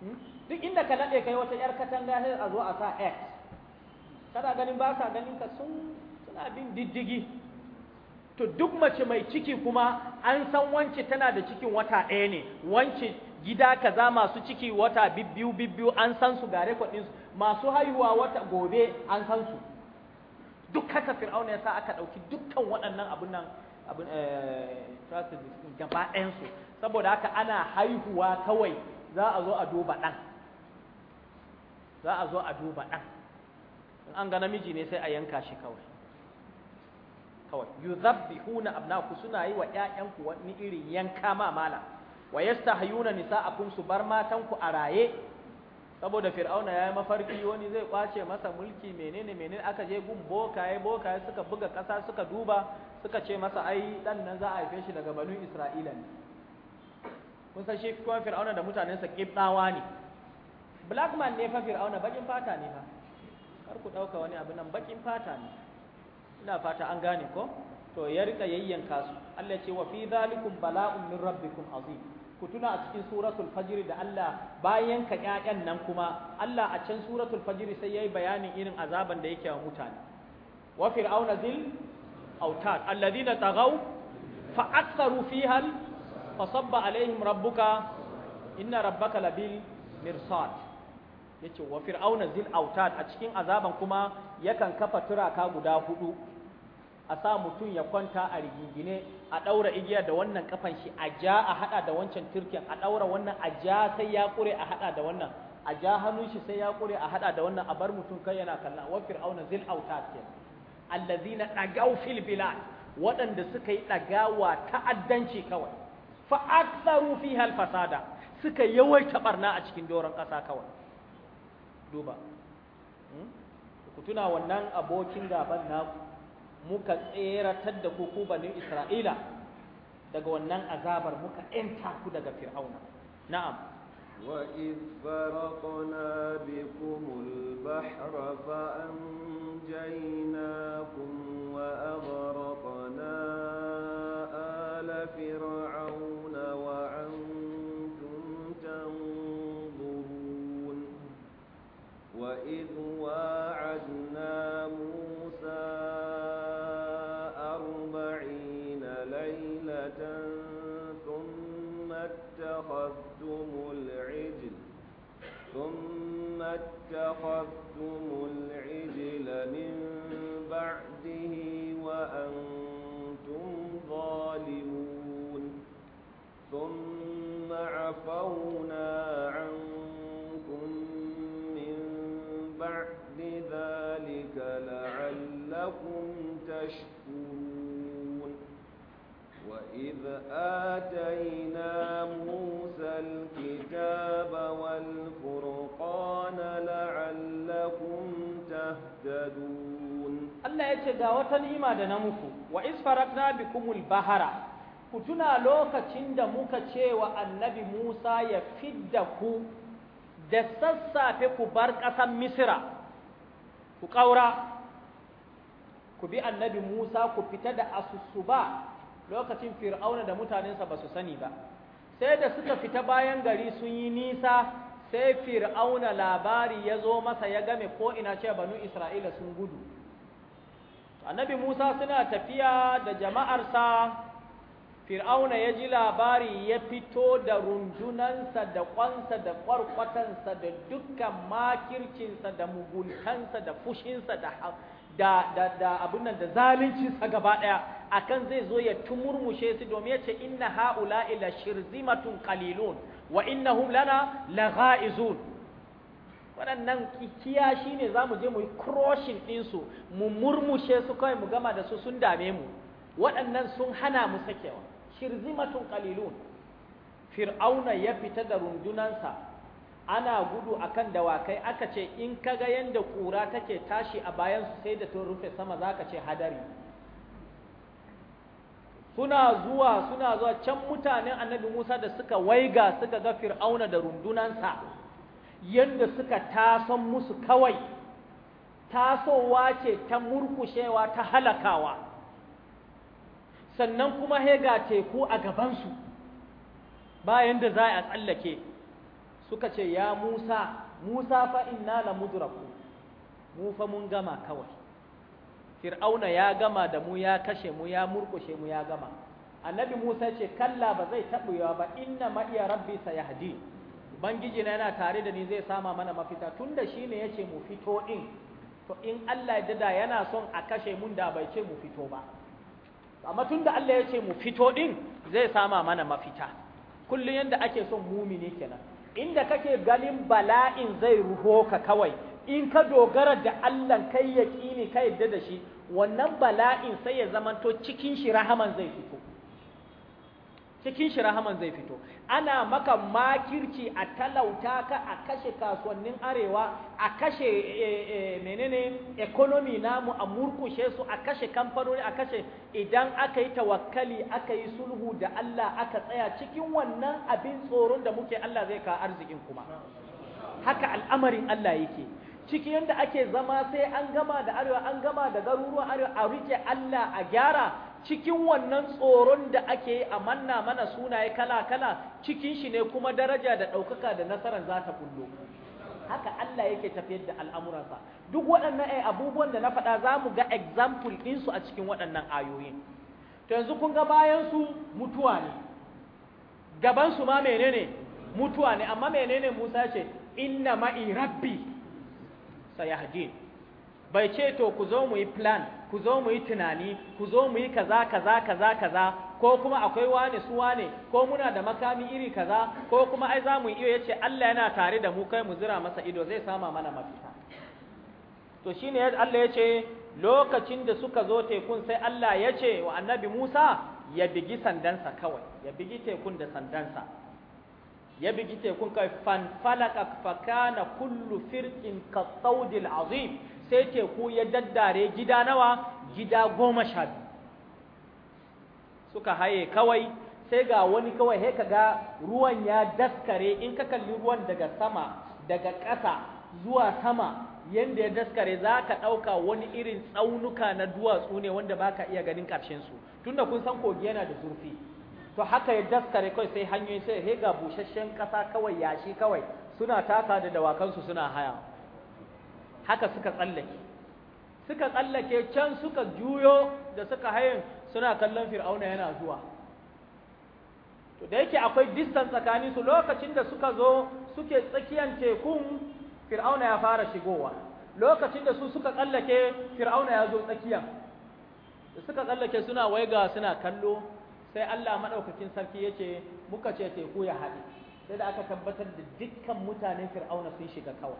hmm? duk inda ka naɗe kai wata 'yar katanga sai a zo a sa x kana ganin ba ka ganin ka suna bin diddigi to duk mace mai ciki kuma an san wance tana da cikin wata ɗaya ne wance gida kaza masu ciki wata bibbiyu bibbiyu an san su ga rekodin su masu haihuwa wata gobe an san su duk haka fir'auna ya sa aka ɗauki dukkan waɗannan abun nan abun eh, gaba ɗayan su saboda haka ana haihuwa kawai za a zo a duba ɗan za a zo a duba ɗan in an ga namiji ne sai a yanka shi kawai kawai yuzabbihuna abnaku suna yi wa ƴaƴanku wani irin yanka ma mala wa yastahiyuna nisa'akum su bar matanku a raye saboda fir'auna ya yi mafarki wani zai kwace masa mulki menene menene aka je gun bokaye bokaye suka buga ƙasa suka duba suka ce masa ai dan nan za a haife shi daga banu isra'ila ne kun san shi kuma fir'auna da mutanensa kibdawa ne black man ne fa fir'auna bakin fata ne fa kar ku ɗauka wani abu nan bakin fata ne ina fata an gane ko to ya rika yayyanka su Allah ce wa fi zalikum bala'un min rabbikum azim ku tuna a cikin suratul fajr da Allah bayan ka ƴaƴan nan kuma Allah a can suratul fajr sai yayi bayanin irin azaban da yake wa mutane wa fir'auna zil autad alladhina taghaw fa aktharu fiha fa sabba alaihim rabbuka inna rabbaka labil mirsad yace wa fir'auna zil autad a cikin azaban kuma yakan kafa turaka guda hudu a sa mutum ya kwanta a rigingine a ɗaura igiya da wannan kafan shi a ja a haɗa da wancan turken a ɗaura wannan a ja sai ya ƙure a haɗa da wannan a ja hannun shi sai ya ƙure a haɗa da wannan a bar mutum kai yana kalla wa fir'auna zil autat ke allazina dagaw fil bilad waɗanda suka yi ɗagawa ta'addanci kawai fa aktharu fiha fasada suka yawaita barna a cikin doron kasa kawai duba hmm? ku tuna wannan abokin gaban naku muka tseratar da ku Isra'ila daga wannan azabar muka enta ku daga Fir'auna na'am وإذ فرقنا بكم البحر فأنجيناكم وأغرقنا آل فرعون اتخذتم العجل من بعده وأنتم ظالمون ثم عفونا عنكم من بعد ذلك لعلكم تشكرون وإذ آتينا موسى الكتاب والمسلمين لعلكم تهتدون الله يجي ga wata ni'ima da na muku wa isfarakna bikumul bahara ku tuna lokacin da muka cewa annabi Musa ya fidda ku da sassafe ku bar ƙasar Misra ku ƙaura ku bi annabi Musa ku fita da asusuba lokacin fir'auna da mutanensa ba su sani ba sai da suka fita bayan gari sun yi nisa sai fir'auna labari ya zo masa ya game ko ina ce banu isra'ila sun gudu annabi musa suna tafiya da jama'arsa fir'auna ya ji labari ya fito da rundunansa da kwansa da kwarkwatansa da dukkan makircinsa da muguntansa da fushinsa da da da da abun nan da zaluncinsa gaba daya akan zai zo ya tumurmushe su domin ya ce inna ha'ula ila shirzimatun qalilun wa innahum lana laghaizun waɗannan kiya shine zamu je mu yi crushing din su mu murmushe su kai mu gama da su sun dame mu waɗannan sun hana mu sakewa shirzimatun qalilun fir'auna ya fita da rundunansa ana gudu akan dawakai aka ce in kaga yanda kura take tashi a bayan su sai da tun rufe sama zaka ce hadari suna zuwa suna zuwa can mutanen annabi Musa da suka waiga suka ga Fir'auna da rundunansa yanda suka tason musu kawai tasowa ce ta murkushewa ta halakawa sannan kuma hega teku a gabansu bayan da za a tsallake suka ce ya Musa Musa fa inna la mudraku mu fa mun gama kawai fir'auna ya gama da mu ya kashe mu ya murkushe mu ya gama annabi musa ce kalla ba zai taɓuwa ba inna ma iya rabbi yahdi. ubangiji na yana tare da ni zai sama mana mafita tunda shine yace mu fito din to in Allah ya dada yana son a kashe mun da bai ce mu fito ba amma tunda Allah yace mu fito din zai sama mana mafita kullun yanda ake son mumini kenan inda kake ganin bala'in zai ruho ka kawai in ka dogara da Allah kai ya yaƙini ka yadda da shi wannan bala'in sai ya zamanto cikin shi rahaman zai fito cikin shi rahaman zai fito ana maka makirci a talauta ka a kashe kasuwannin arewa a kashe eh, eh, menene economy namu a murkushe su a kashe kamfanoni a kashe idan aka yi tawakkali aka yi sulhu da Allah aka tsaya cikin wannan abin tsoron da muke Allah zai ka arzikin kuma haka al'amarin Allah yake ciki yadda ake zama sai an gama da arewa an gama da garuruwan arewa a rike Allah a gyara cikin wannan tsoron da ake yi a manna mana sunaye kala-kala cikin shi ne kuma daraja da ɗaukaka da nasarar za ta kullo haka Allah yake tafiyar da al'amuransa duk waɗannan eh, abubuwan da na faɗa za mu ga example ɗinsu a cikin waɗannan ayoyin to yanzu kun ga bayan su mutuwa ne gaban su ma menene mutuwa ne amma menene Musa ce inna ma'i rabbi sayahdin bai ce to ku zo mu yi plan ku zo mu yi tunani ku zo mu yi kaza kaza kaza kaza ko kuma akwai wane su wane ko muna da makami iri kaza ko kuma ai za iyo yace Allah yana tare da mu kai mu zira masa ido zai sama mana mafita to shine Allah yace lokacin da suka zo tekun sai Allah yace wa annabi Musa ya bigi sandansa kawai ya bigi tekun da sandansa ya bigi tekun kai falaka fakana kullu firqin kasaudil azim sai teku ya daddare gida nawa gida goma sha suka haye kawai sai ga wani kawai he kaga ruwan ya daskare in ka kalli ruwan daga sama daga ƙasa zuwa sama yanda ya daskare za ka ɗauka wani irin tsaunuka na duwatsu ne wanda baka iya ganin ƙarshen su tunda kun san kogi yana da zurfi to haka ya daskare kawai sai hanyoyi sai he ga busasshen ƙasa kawai yashi kawai suna taka da dawakansu suna haya haka suka tsallake suka tsallake can suka juyo da suka hayin suna kallon fir'auna yana zuwa to da yake akwai distance tsakanin su lokacin da suka zo suke tsakiyan tekun fir'auna ya fara shigowa lokacin da su suka tsallake fir'auna ya zo tsakiyan da suka tsallake suna waiga suna kallo sai Allah madaukakin sarki yace muka ce teku ya haɗe sai da aka tabbatar da dukkan mutanen fir'auna sun shiga kawai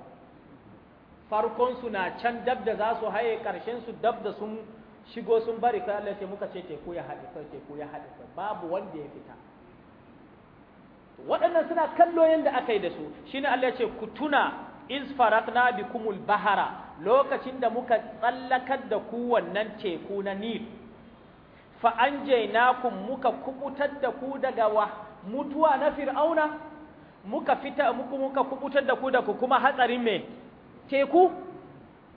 farkon na can dab da za su haye karshen su dab sun shigo sun bari sai Allah ce muka ce teku ya haɗe Sai teku ya haɗe sai babu wanda ya fita waɗannan suna kallo yadda aka yi da su shine Allah ya ce ku tuna iz faraqna bikumul bahara lokacin da muka tsallakar da ku wannan teku na Nil fa anjaynakum muka kubutar da ku daga wa mutuwa na fir'auna muka fita muku muka kubutar da ku da ku kuma hatsarin me teku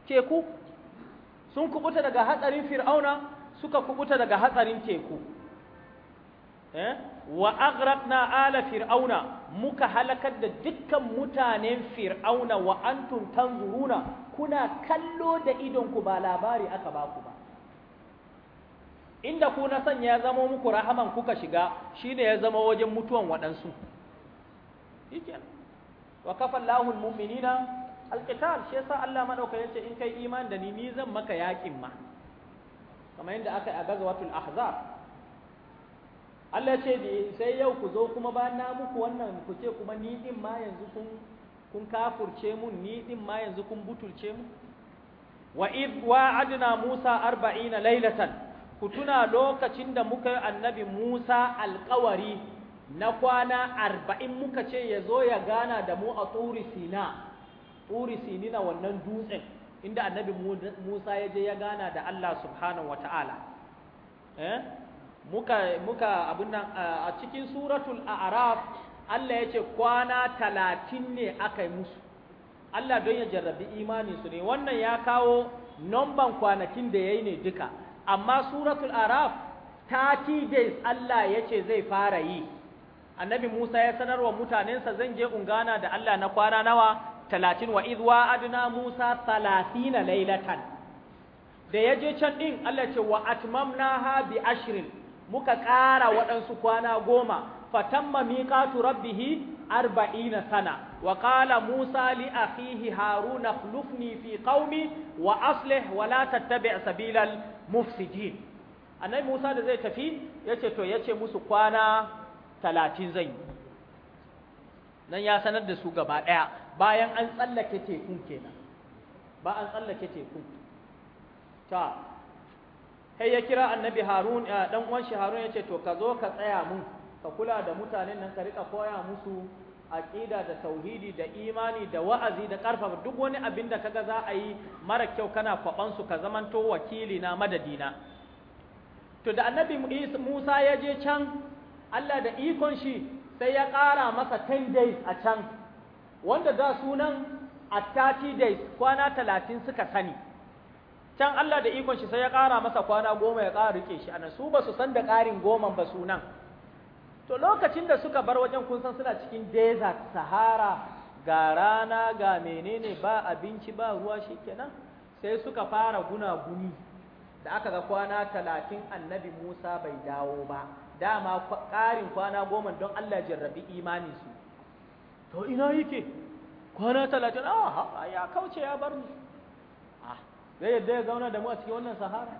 teku sun kubuta daga hatsarin fir'auna suka kubuta daga hatsarin teku eh wa aghraqna ala fir'auna muka halakar da dukkan mutanen fir'auna wa antum tanzuruna kuna kallo da idonku ba labari aka baku inda ku na sanya ya zama muku rahaman kuka shiga shine ya zama wajen mutuwan waɗansu shikenan wa kafa Allahul mu'minina alqital shi yasa Allah madauka yace in kai imani da ni ni zan maka yakin ma kamar yadda aka yi a gazwatul Allah ce sai yau ku zo kuma ba na muku wannan ku ce kuma ni din ma yanzu kun kun kafurce mun ni din ma yanzu kun butulce mu wa id wa'adna Musa 40 lailatan Kutuna lokacin da muka yi annabi Musa alkawari na kwana arba'in muka ce ya zo ya gana da mu a turi sina wannan dutsen inda annabi Musa ya je ya gana da Allah subhanahu wata'ala eh muka muka abin nan a cikin suratul a'raf Allah ya ce kwana talatin ne aka yi musu Allah don ya jarrabi imaninsu ne wannan ya kawo nomban kwanakin da ya yi ne duka amma suratul araf 30 days Allah ya ce zai fara yi annabi Musa ya sanar wa mutanensa zan je ungana da Allah na kwana nawa 30 wa idh wa'adna Musa 30 laylatan da ya je can din Allah ce wa atmamnaha bi ashrin muka ƙara waɗansu kwana goma fatamma miqatu rabbihi arba'ina sana wa qala musa li akhihi haruna akhlifni fi qaumi wa aslih wa la tattabi' sabilal mufsidin annabi Musa da zai tafi yace to yace musu kwana 30 zan yi nan ya sanar da su gaba daya bayan an tsallake tekun kenan ba an tsallake tekun ta sai ya kira annabi Harun dan eh, uwan shi Harun yace to ka zo ka tsaya mun ka kula da mutanen nan ka rika koya musu aqida da tauhidi da imani da wa'azi da karfafa duk wani abin da kaga za a yi mara kyau kana kwaban su ka zamanto wakili na madadina to da annabi Musa ya je can Allah da ikon shi sai ya ƙara masa 10 days a can wanda da sunan a 30 days kwana 30 suka sani can Allah da ikon shi sai ya ƙara masa kwana goma ya ƙara rike shi anan su ba su san da ƙarin goma ba sunan to lokacin da suka bar wajen kun san suna cikin desert sahara ga rana ga menene ba abinci ba ruwa shikenan sai suka fara guna-guni. da aka ga kwana talatin annabi Musa bai dawo ba dama ƙarin kwana goma don Allah jarrabi imani su to ina yake kwana talatin ah, a ya kauce ya bar mu ah zai yadda ya zauna da mu a cikin wannan sahara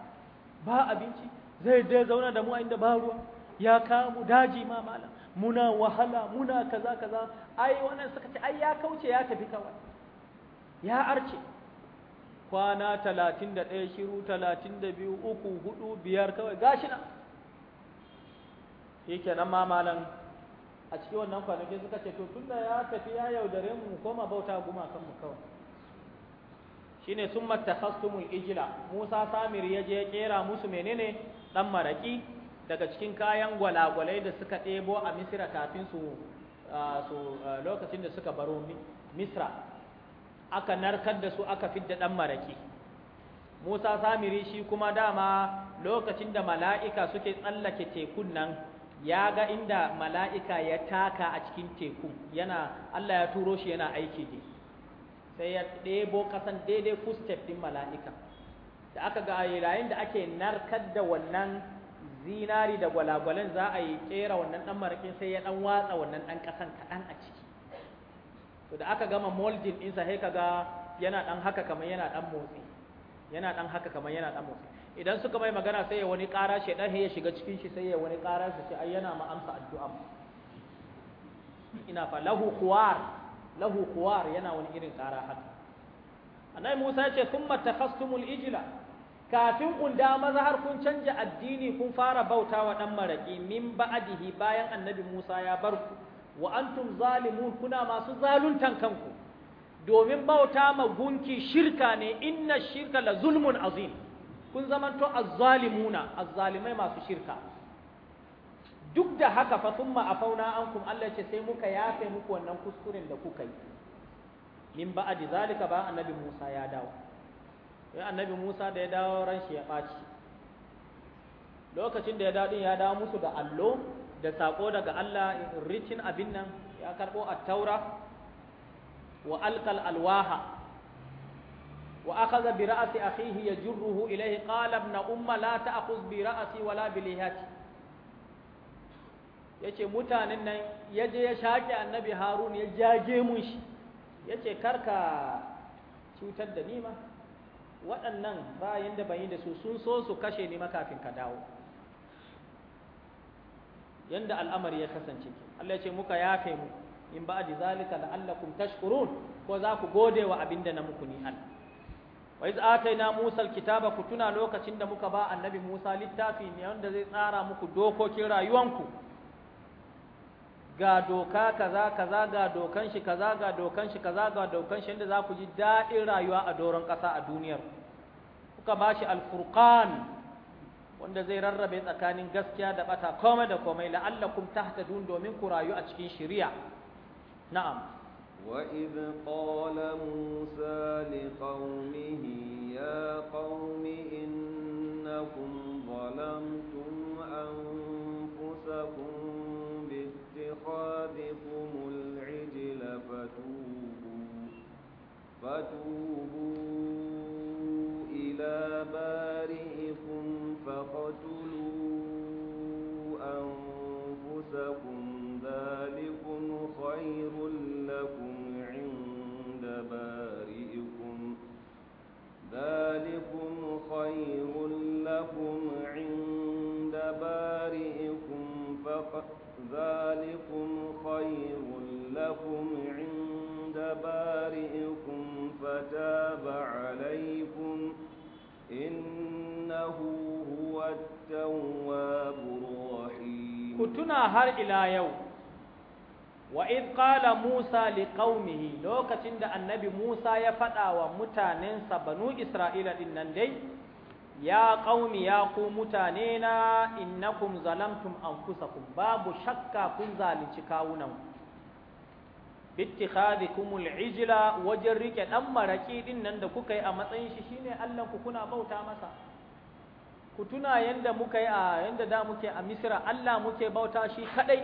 ba abinci zai yadda ya zauna da mu a inda ba ruwa ya kamu daji ma malam muna wahala muna kaza kaza ai wannan suka ce ai ya kauce ya tafi kawai ya arce kwana talatin da ɗaya shiru talatin da biyu uku hudu biyar kawai gashi na yake nan ma malam a cikin wannan kwanakin suka ce to tunda ya tafi ya yaudare mu koma bauta guma kan mu kawai shine summa takhasumul ijla Musa Samir ya je ya kera musu menene dan maraki daga cikin kayan gwalagwalai da suka ɗebo a misira kafin su lokacin da suka baro Misira, aka narkar da su aka fidda ɗan maraƙi musa samiri shi kuma dama lokacin da mala'ika suke tsallake tekun nan ya ga inda mala'ika ya taka a cikin tekun yana allah ya turo shi yana aiki ne sai ya ɗebo kasan daidai footstep ɗin mala'ika da aka ga yayin da ake narkar da wannan zinari da gwalagwalin za a yi kera wannan dan marakin sai ya dan watsa wannan dan kasan kaɗan a ciki to da aka gama moldin ɗinsa sai kaga yana dan haka kamar yana dan motsi yana dan haka kamar yana dan motsi idan suka mai magana sai ya wani ƙara shi dan ya shiga cikin shi sai ya wani ƙara shi ai yana ma amsa addu'a ina fa lahu kuwar lahu kuwar yana wani irin ƙara haka annabi Musa ya ce thumma takhastumul ijla kafin da maza har kun canja addini kun fara bauta wa dan maraki min ba'dihi bayan annabi Musa ya bar ku wa antum zalimun kuna masu zaluntan kanku domin bauta ma gunki shirka ne inna shirka la zulmun azim kun to azzalimuna azzalimai masu shirka duk da haka fa thumma afauna ankum Allah ce sai muka yafe muku wannan kuskuren da kuka yi min ba'di zalika ba annabi Musa ya dawo sai annabi Musa da ya dawo ran shi ya ɓaci lokacin da ya dawo ya dawo musu da allo da sako daga Allah rikin abin nan ya karɓo a taura wa alkal alwaha wa akhadha a ra'si ya jirruhu ilaihi kalab na umma la ta'khudh bi wala bi yace mutanen nan yaje ya shaki annabi Harun ya jage mun shi yace karka cutar da ni ma waɗannan bayan da bayin da su sun so su kashe ni makafin ka dawo yanda al'amari ya kasance Allah ya ce muka yafe mu in ba da zalika la'allakum tashkurun ko za ku gode wa abin da na muku ni an wa iz ataina Musa alkitaba ku tuna lokacin da muka ba annabi Musa littafi ne wanda zai tsara muku dokokin rayuwanku ga doka kaza kaza ga dokan shi kaza ga dokan shi kaza ga dokan shi inda za ku ji daɗin rayuwa a doron ƙasa a duniyar kuka ba shi alfurkan, wanda zai rarrabe tsakanin gaskiya da bata komai da komai la'allakum tahtadun domin ku rayu a cikin shari'a na'am وإذ قال موسى لقومه يا قوم إنكم ظلمتم فتوبوا إلى بارئكم فاقتلوا أنفسكم ذلكم خير لكم عند بارئكم ذلكم خير لكم عند بارئكم ذلكم خير لكم عند بارئكم فتاب عليكم إنه هو التواب الرحيم كتنا هر إلى يوم وإذ قال موسى لقومه لوكتند النبي موسى يفتى ومتانين بنو إسرائيل إنن دي يا قوم يا قوم متانينا إنكم ظلمتم أنفسكم باب شكا كن ظالم bittikhadikumul ijla wajen rike dan maraki din nan da kuka yi a matsayin shi shine Allah ku kuna bauta masa ku tuna yanda muka yi a yanda da muke a Misra Allah muke bauta shi kadai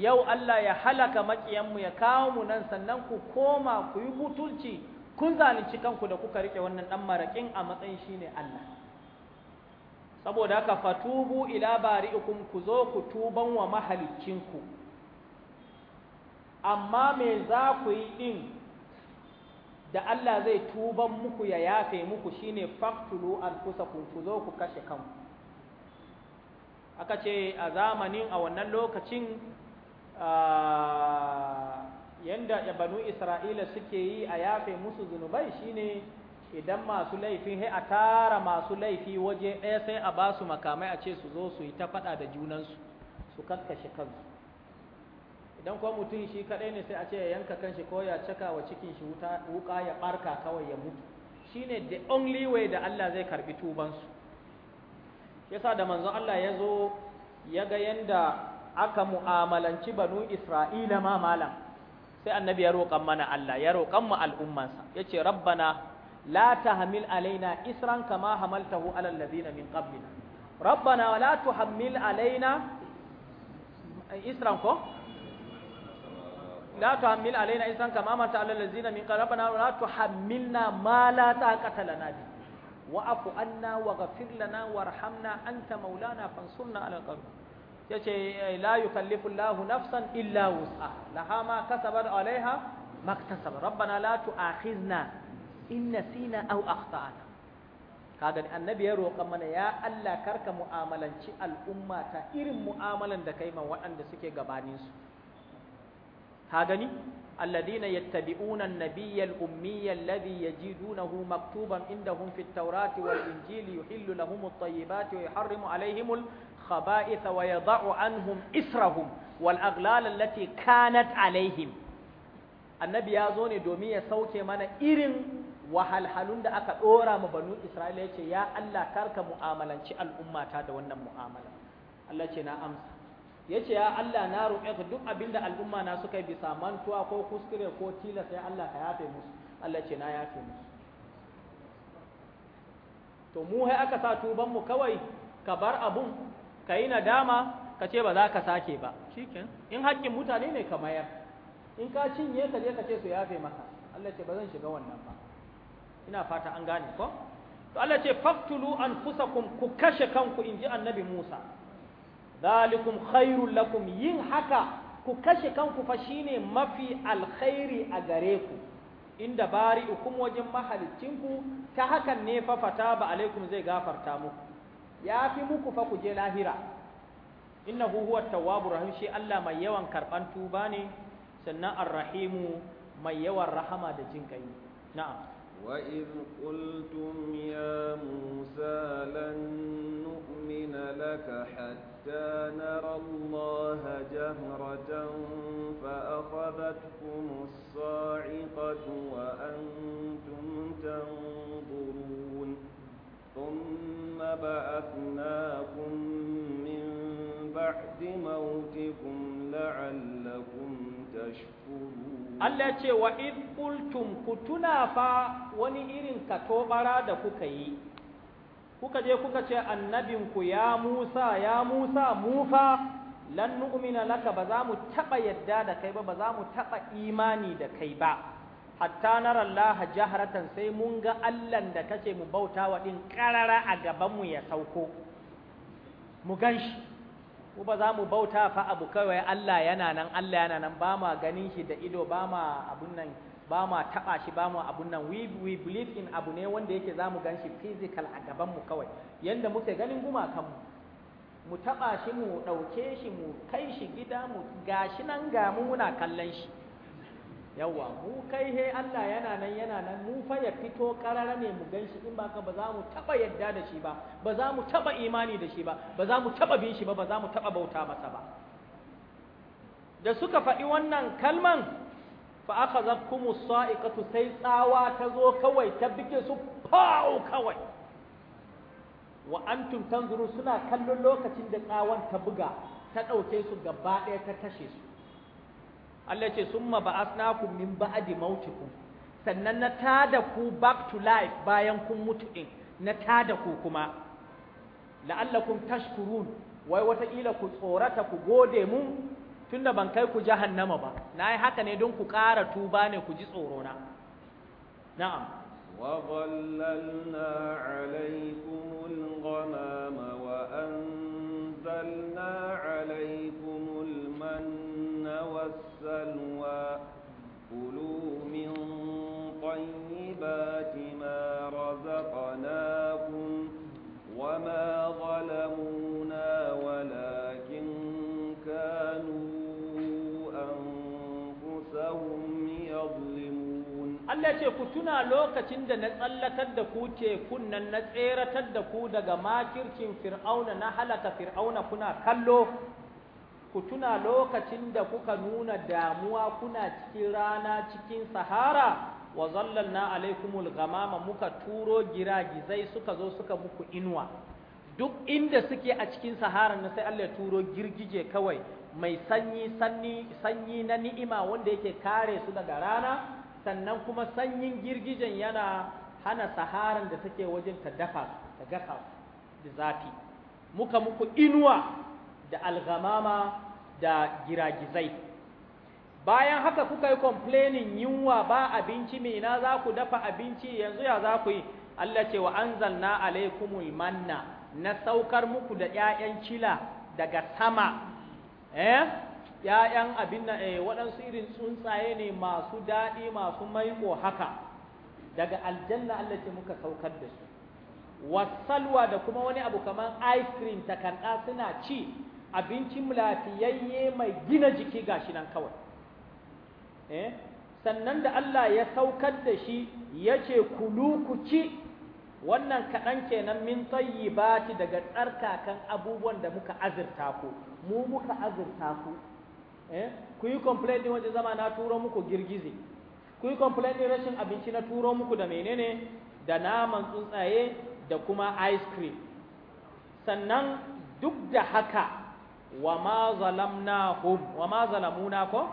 yau Allah ya halaka mu ya kawo mu nan sannan ku koma ku yi butulci kun zalunci kanku da kuka rike wannan dan marakin a matsayin ne Allah saboda haka fatubu ila bari'ikum ku zo ku tuban wa ku. amma me za ku yi ɗin da Allah zai tuba muku ya yafe muku shine faktulu an kusa ku zo ku kashe kanku aka ce a zamanin a wannan lokacin yanda banu isra'ila suke yi a yafe musu zunubai shine idan masu laifin sai a tara masu laifi waje ɗaya sai a ba su makamai a ce su zo su yi ta faɗa da junansu su kaskashe kansu idan kuma mutum shi kadai ne sai a ce ya yanka kanshi ko ya caka wa cikin shi wuka ya barka kawai ya mutu shine the only way da Allah zai karbi tubansu yasa da manzon Allah ya zo ya ga yanda aka mu'amalanci banu Isra'ila ma malam sai annabi ya roƙan mana Allah ya roƙan mu al'ummansa yace rabbana la tahmil alaina isran kama hamaltahu alal ladina min qablina rabbana la tuhammil alaina isran ko la tuhammil alaina isan kama manta alal ladzina min qarabana la tuhammilna ma la taqata lana bi wa'fu anna waghfir lana warhamna anta maulana fansurna ala qawm yace la yukallifu Allahu nafsan illa wus'a laha ma kasabat alaiha maktasab rabbana la tu'akhizna in nasina aw akhtana kaga annabi ya roƙa mana ya Allah kar ka mu'amalanci al'ummata irin mu'amalan da kai ma waɗanda suke gabanin su ka gani alladhina yattabi'una an-nabiyya al-ummiyya alladhi yajidunahu maktuban indahum fit tawrati wal injili yuhillu lahum at-tayyibati wa yuharrimu alayhim al-khaba'ith wa yadha'u anhum israhum wal aghlal allati kanat alayhim annabi ya zo ne domin ya sauke mana irin wahalhalun da aka ɗora ma banu Isra'ila yace Ya Allah karka mu'amalanci al'ummata da wannan mu'amala. Allah ce na amsa. ya ce ya Allah na roƙe ka duk abin da al'umma na suka yi bisa mantuwa ko kuskure ko tilasta ya Allah ka yafe musu Allah ce na yafe musu to mu hai aka sa tuban mu kawai ka bar abun ka yi nadama ka ce ba za ka sake ba shikin in haƙƙin mutane ne ka mayar in ka cinye ka je ka ce su yafe maka Allah ce ba zan shiga wannan ba ina fata an gane ko to Allah ce faktulu anfusakum ku kashe kanku inji annabi Musa zalikum khairul lakum yin haka ku kashe kanku fa shine mafi alkhairi a gare ku inda bari hukum wajen ku ta hakan ne fa fata ba alaikum zai gafarta muku ya fi muku fa ku je lahira innahu huwa tawwabur rahim shi Allah mai yawan karban tuba ne sannan arrahimu mai yawan rahama da jinkai na'am وإذ قلتم يا موسى لن نؤمن لك حتى نرى الله جهرة فأخذتكم الصاعقة وأنتم تنظرون ثم بعثناكم من بعد موتكم لعلكم Allah ce wa in ku tuna fa wani irin katobara da kuka yi kuka je kuka ce annabinku ya Musa ya Musa mufa. lan nu'mina laka ba za mu taɓa yadda da kai ba ba za mu taɓa imani da kai ba hatta na Allah jaharatan sai mun ga Allah da kace mu bauta wa din karara a gabanmu ya sauko mu ganshi mu ba za mu bauta fa abu kawai Allah yana nan Allah yana nan ba ma ganin shi da ido ba ma abun nan ba ma taɓa shi ba ma abun nan we, we believe in abu ne wanda yake za mu gan physical a gaban mu kawai yanda muke ganin gumakanmu mu mu taɓa shi mu ɗauke shi mu kai shi gida mu gashi nan ga mu muna kallon shi yawa mu kai he Allah yana nan yana nan mu fa ya fito karara ne mu ganshi in ba ka ba za mu taba yadda da shi ba ba za mu taba imani da shi ba ba za mu taba bin shi ba ba za mu taba bauta masa ba da suka faɗi wannan kalman fa akhadhakumus sa'iqatu sai tsawa ta zo kawai ta bike su fa'u kawai wa antum tanzuru suna kallon lokacin da tsawon ta buga ta ɗauke su gaba ɗaya ta kashe su Allah ce summa ba'asnakum min ba'di mautikum sannan na tada ku back to life bayan kun mutu din na tada ku kuma la'allakum tashkurun wai wataƙila ku tsorata ku gode mun tunda ban kai ku jahannama ba na yi haka ne don ku ƙara tuba ne ku ji tsorona na'am وظللنا عليكم الغمام وأنزلنا السلوى كلوا من طيبات ما رزقناكم وما ظلمونا ولكن كانوا أنفسهم يظلمون الله يقول كتنا لوكة عندنا تسألك الدكوتي كنا نتعيرة الدكودة فرعون نحلة فرعون كنا كله ku tuna lokacin da kuka nuna damuwa kuna cikin rana cikin sahara wa zallanna alaikumul ghamama muka turo giragizai suka zo suka muku inuwa duk inda suke a cikin sahara na sai Allah ya turo girgije kawai mai sanyi sanyi sanyi na ni'ima wanda yake kare su daga rana sannan kuma sanyin girgijen yana hana saharan da take wajen ta dafa ta gafa da zafi muka muku inuwa da algamama da giragizai bayan haka kuka yi complaining yunwa ba abinci me ina za ku dafa abinci yanzu ya za ku yi Allah ce wa anzalna alaikumul manna na saukar muku da 'ya'yan kila daga sama eh ƴaƴan abin nan eh waɗansu irin tsuntsaye ne masu daɗi masu maiko haka daga aljanna Allah ce muka saukar da su wasalwa da kuma wani abu kaman ice cream takarda suna ci abincin lafiyayye mai gina jiki gashi nan kawai eh sannan da Allah ya saukar da shi yace kulu ku ci wannan kaɗan kenan min tayyibati daga tsarkakan abubuwan da muka azurta ku mu muka azurta ku eh ku yi complain din wajen zama na turo muku girgize ku yi complain din rashin abinci na turo muku da menene da naman tsuntsaye da kuma ice cream sannan duk da haka wa ma zalamnahum wa ma zalamuna ko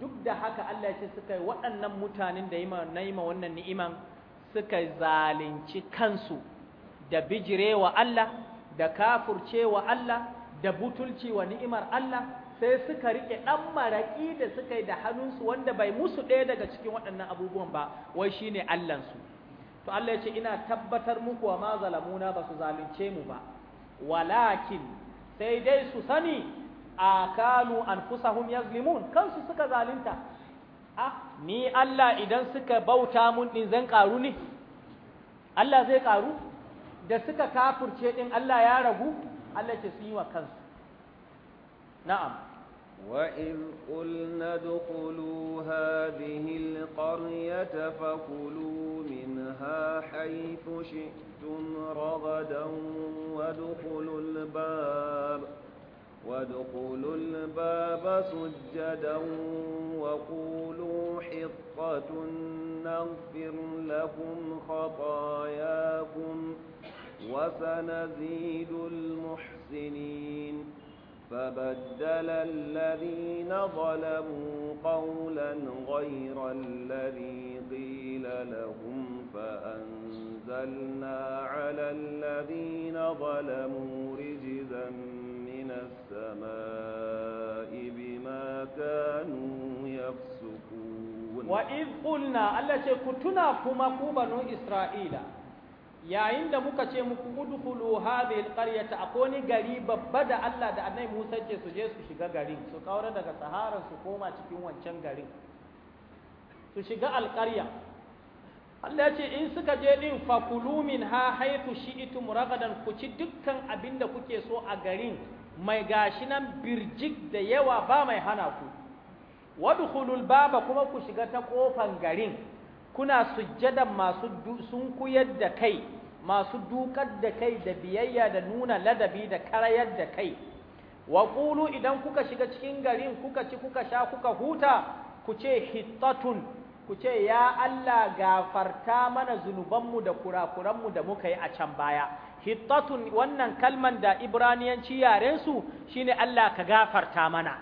duk da haka Allah ya ce suka waɗannan mutanen da yima naima wannan ni'iman suka zalunci kansu da bijirewa Allah da kafurcewa Allah da butulci wa ni'imar Allah sai suka rike dan maraki da suka yi da hannunsu wanda bai musu ɗaya daga cikin waɗannan abubuwan ba wai shine Allahnsu to Allah ya ce ina tabbatar muku wa ma zalamuna ba su zalunce mu ba walakin sai dai su sani a kanu anfusahum yazlimun kansu suka zalunta ni Allah idan suka bauta mun ɗin zan ƙaru ne Allah zai ƙaru? da suka kafurce ɗin Allah ya ragu Allah ce sun yi wa kansu na'am وإذ قلنا ادخلوا هذه القرية فكلوا منها حيث شئتم رغدا وادخلوا الباب وادخلوا الباب سجدا وقولوا حطة نغفر لكم خطاياكم وسنزيد المحسنين فبدل الذين ظلموا قولا غير الذي قيل لهم فأنزلنا على الذين ظلموا رجزا من السماء بما كانوا يفسقون وإذ قلنا ألا تكتنا كما كوبا إسرائيل yayin da muka ce muku udkhulu hadhihi alqaryata akoni gari babba da Allah da Annabi Musa ce su je su shiga garin su kaura daga sahara su koma cikin wancan garin su shiga alqarya Allah ya ce in suka je din fakulu ha haythu shi'tum ragadan ku ci dukkan abinda kuke so a garin mai gashi nan birjik da yawa ba mai hana ku wadkhulul baba kuma ku shiga ta kofan garin kuna sujjadan masu sun kuyar da kai masu dukar da kai da biyayya da nuna ladabi da karayar da kai wa qulu idan kuka shiga cikin garin kuka ci kuka sha kuka huta ku ce hittatun ku ce ya Allah gafarta mana zunubanmu da kurakuranmu da muka yi a can baya hittatun wannan kalman da ibraniyanci yaren shine Allah ka gafarta mana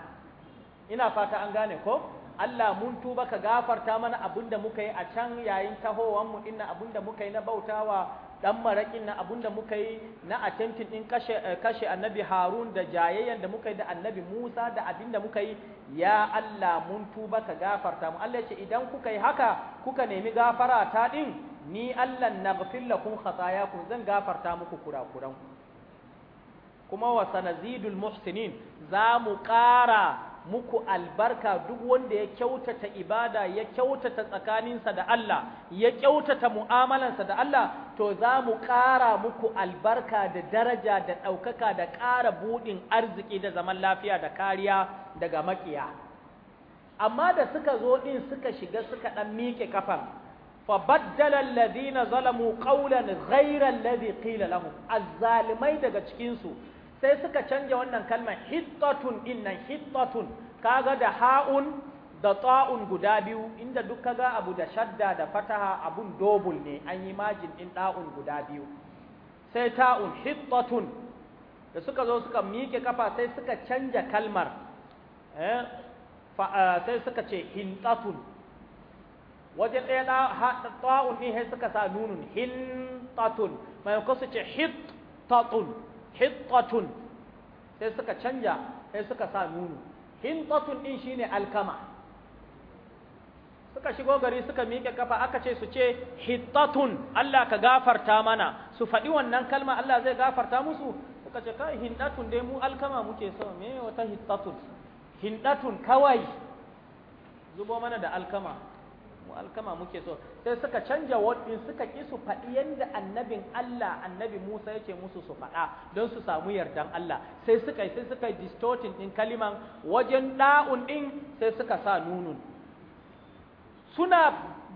ina fata an gane ko Allah mun tuba ka gafarta mana abinda muka yi a can yayin tahowan mu dinnan abinda muka yi na bautawa dan marakin na abinda muka yi na attempting din kashe eh, kashe annabi Harun da jayayyan da muka yi da annabi Musa da abinda muka yi ya Allah mun tuba ka gafarta mu Allah ce idan kuka yi haka kuka nemi gafara ta din ni Allah naghfir lakum khatayakum zan gafarta muku kurakuran kuma wa sanazidul muhsinin za mu ƙara muku albarka duk wanda ya kyautata ibada ya kyautata tsakaninsa da Allah ya kyautata mu'amalansa da Allah to za mu ƙara muku albarka da daraja da ɗaukaka da ƙara buɗin arziki da zaman lafiya da kariya daga makiya amma da suka zo ɗin suka shiga suka ɗan miƙe kafan fa baddala alladhina zalamu qawlan ghayra alladhi qila lahum azzalimai daga su sai suka canja wannan kalmar hittatun dinnan hittatun kaga da ha'un da ta'un guda biyu inda duk kaga abu da shadda da fataha abun dobul ne an yi majin din da'un guda biyu sai ta'un hittatun da suka zo suka miƙe kafa sai suka canja kalmar eh, eh, sai suka ce hintatun waje ɗaya ta'un ne sai suka sa nunun hintatun mai su ce hittatun hittatun sai suka canja sai suka sa nuno hittatun din shine alkama suka shigo gari suka miƙe kafa aka ce su ce hittatun Allah ka gafarta mana su faɗi wannan kalma Allah zai gafarta musu suka ce kai hindatun dai mu alkama muke so me wata hittatun hindatun kawai zubo mana da alkama mu alkama muke so sai suka canja waɗin suka ki su faɗi yanda annabin Allah annabi Musa yake musu su faɗa don su samu yardan Allah sai suka sai suka distorting din kaliman wajen da'un din sai suka sa nunun suna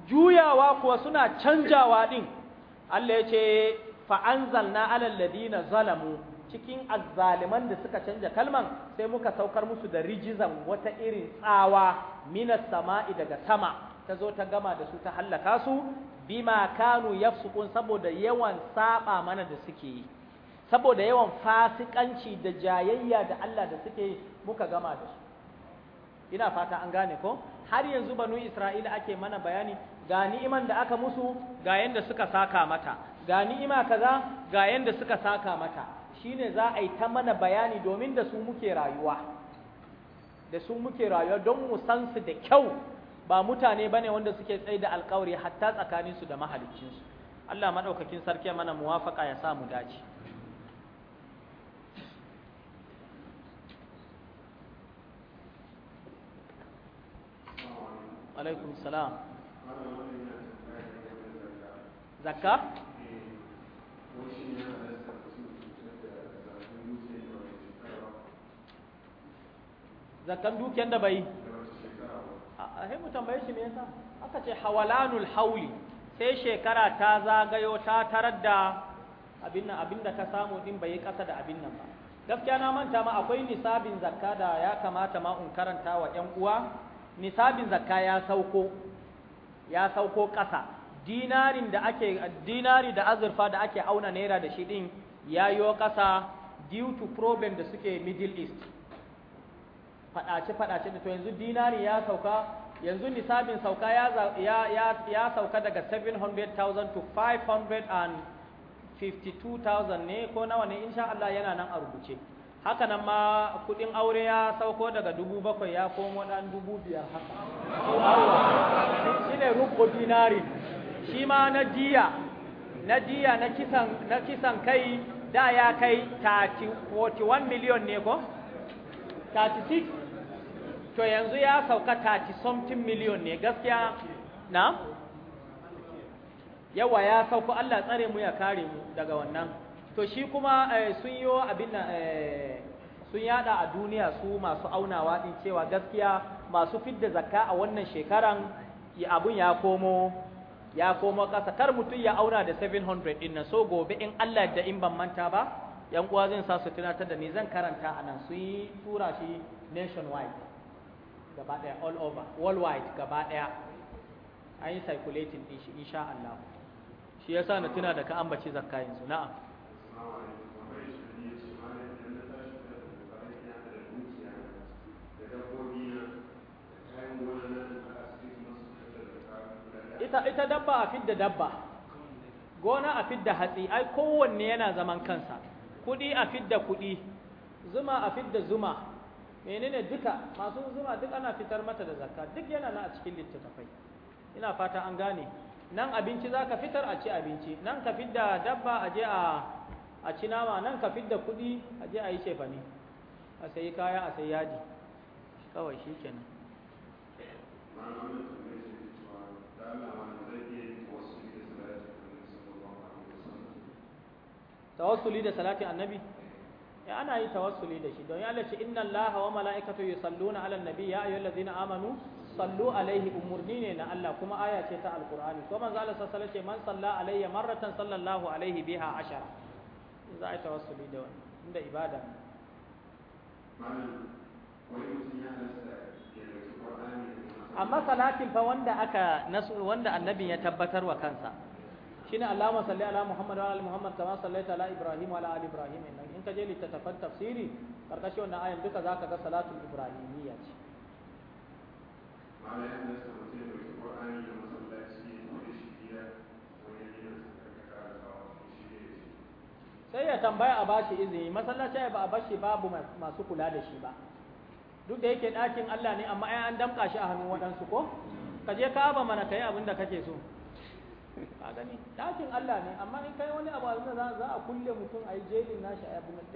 juyawa kuwa suna canjawa din Allah ya ce fa anzalna alal ladina zalamu cikin azzaliman da suka canja kalman sai muka saukar musu da rijizan wata irin tsawa minas sama'i daga sama ta zo ta gama da su ta hallaka su bima kanu yafsukun saboda yawan saba mana da suke yi saboda yawan fasikanci da jayayya da Allah da suke muka gama da su ina fata an gane ko har yanzu banu Isra'ila ake mana bayani ga ni'iman da aka musu ga yanda suka saka mata ga ni'ima kaza ga yanda suka saka mata shine za a yi ta mana bayani domin da su muke rayuwa da su muke rayuwa don mu san su da kyau ba mutane bane wanda suke tsaye da alkawari hatta tsakaninsu da mahaliccinsu Allah maɗaukakin sarki mana muwafaka ya sa mu dace alaikum salam zakka zakkan duken da bai a sai mu tambaye shi me yasa aka ce hawalanul hauli sai shekara ta zagayo ta tarar da abin nan abinda ka samu din bai kasa da abin nan ba gaskiya na manta ma akwai nisabin zakka da ya kamata ma in karanta wa ƴan uwa nisabin zakka ya sauko ya sauko ƙasa dinarin da ake dinari da azurfa da ake auna naira da shi din yayo kasa due to problem da suke middle east fadace fadace da to yanzu dinari ya sauka yanzu nisabin sauka ya ya ya sauka daga 700,000 to 552,000 ne ko nawa ne insha Allah yana nan a rubuce haka nan ma kudin aure ya sauko daga 7,000 ya komo dan 5,000 haka shine rubo dinari shi ma na jiya na jiya na kisan na kisan kai da ya kai 41 miliyon ne ko 36 to yanzu ya sauka 30 something million ne gaskiya na yawa ya sauka Allah tsare mu ya kare mu daga wannan to shi kuma eh, sun yi abin nan eh, sun yada a duniya su masu aunawa din cewa gaskiya masu fidda zakka a wannan shekaran abun ya komo ya komo kasa kar mutum ya auna da 700 din nan so gobe in Allah da in ban manta ba yan uwa zan sa su tunatar da ni zan karanta anan su yi tura shi nationwide gaba daya all over worldwide gaba daya an yi circulating din shi insha Allah shi yasa na tuna da ka ambaci zakka yanzu na'am ita ita dabba a fidda dabba gona a fidda hatsi ai kowanne yana zaman kansa kudi a fidda kudi zuma a fidda zuma menene duka masu zuma duk ana fitar mata da zakka duk yana na a cikin littattafai ina fata an gane nan abinci za ka fitar a ci abinci nan ka fidda dabba a je a ci nama nan ka fidda kuɗi a je a yi shefani a sayi kaya a sayi yadi kawai shi kenan tawassuli da salatin annabi ya ana yi tawassuli da shi don ya lace inna allaha wa mala'ikatu yusalluna ala nabi ya ayyuhal ladzina amanu sallu alaihi umarni ne na Allah kuma aya ce ta alqur'ani ko manzo Allah sallallahu alaihi wasallam man salla alayya marratan sallallahu alaihi biha ashara za a yi tawassuli da wani inda ibada amma salatin fa wanda aka wanda annabi ya tabbatar wa kansa shine alama salli ala muhammad wa ala muhammad kama sallaita ala ibrahim wa ala ali ibrahim in ka je littattafan tafsiri karkashin wannan ayan duka zaka ga salatul ibrahimiyya ce ya ya su da da ko masallaci shi sai ya tambaya a bashi izini masallaci ba a bashi babu masu kula da shi ba duk da yake ɗakin Allah ne amma ai an damƙa shi a hannun waɗansu ko ka je ka ba mana ka yi abin da kake so a gani ɗakin Allah ne amma in kai wani abu abin da za a kulle mutum a yi jelin nashi a abin da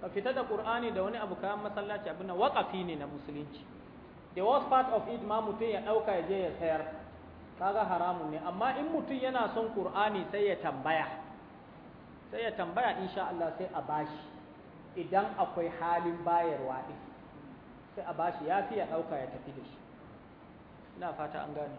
ka fita da ƙur'ani da wani abu kayan masallaci abin da waƙafi ne na musulunci the worst part of it ma mutum ya ɗauka ya je ya sayar kaga haramun ne amma in mutum yana son ƙur'ani sai ya tambaya sai ya tambaya insha Allah sai a bashi idan akwai halin bayarwa ɗin sai a bashi ya fi ya ɗauka ya tafi da shi ina fata an gane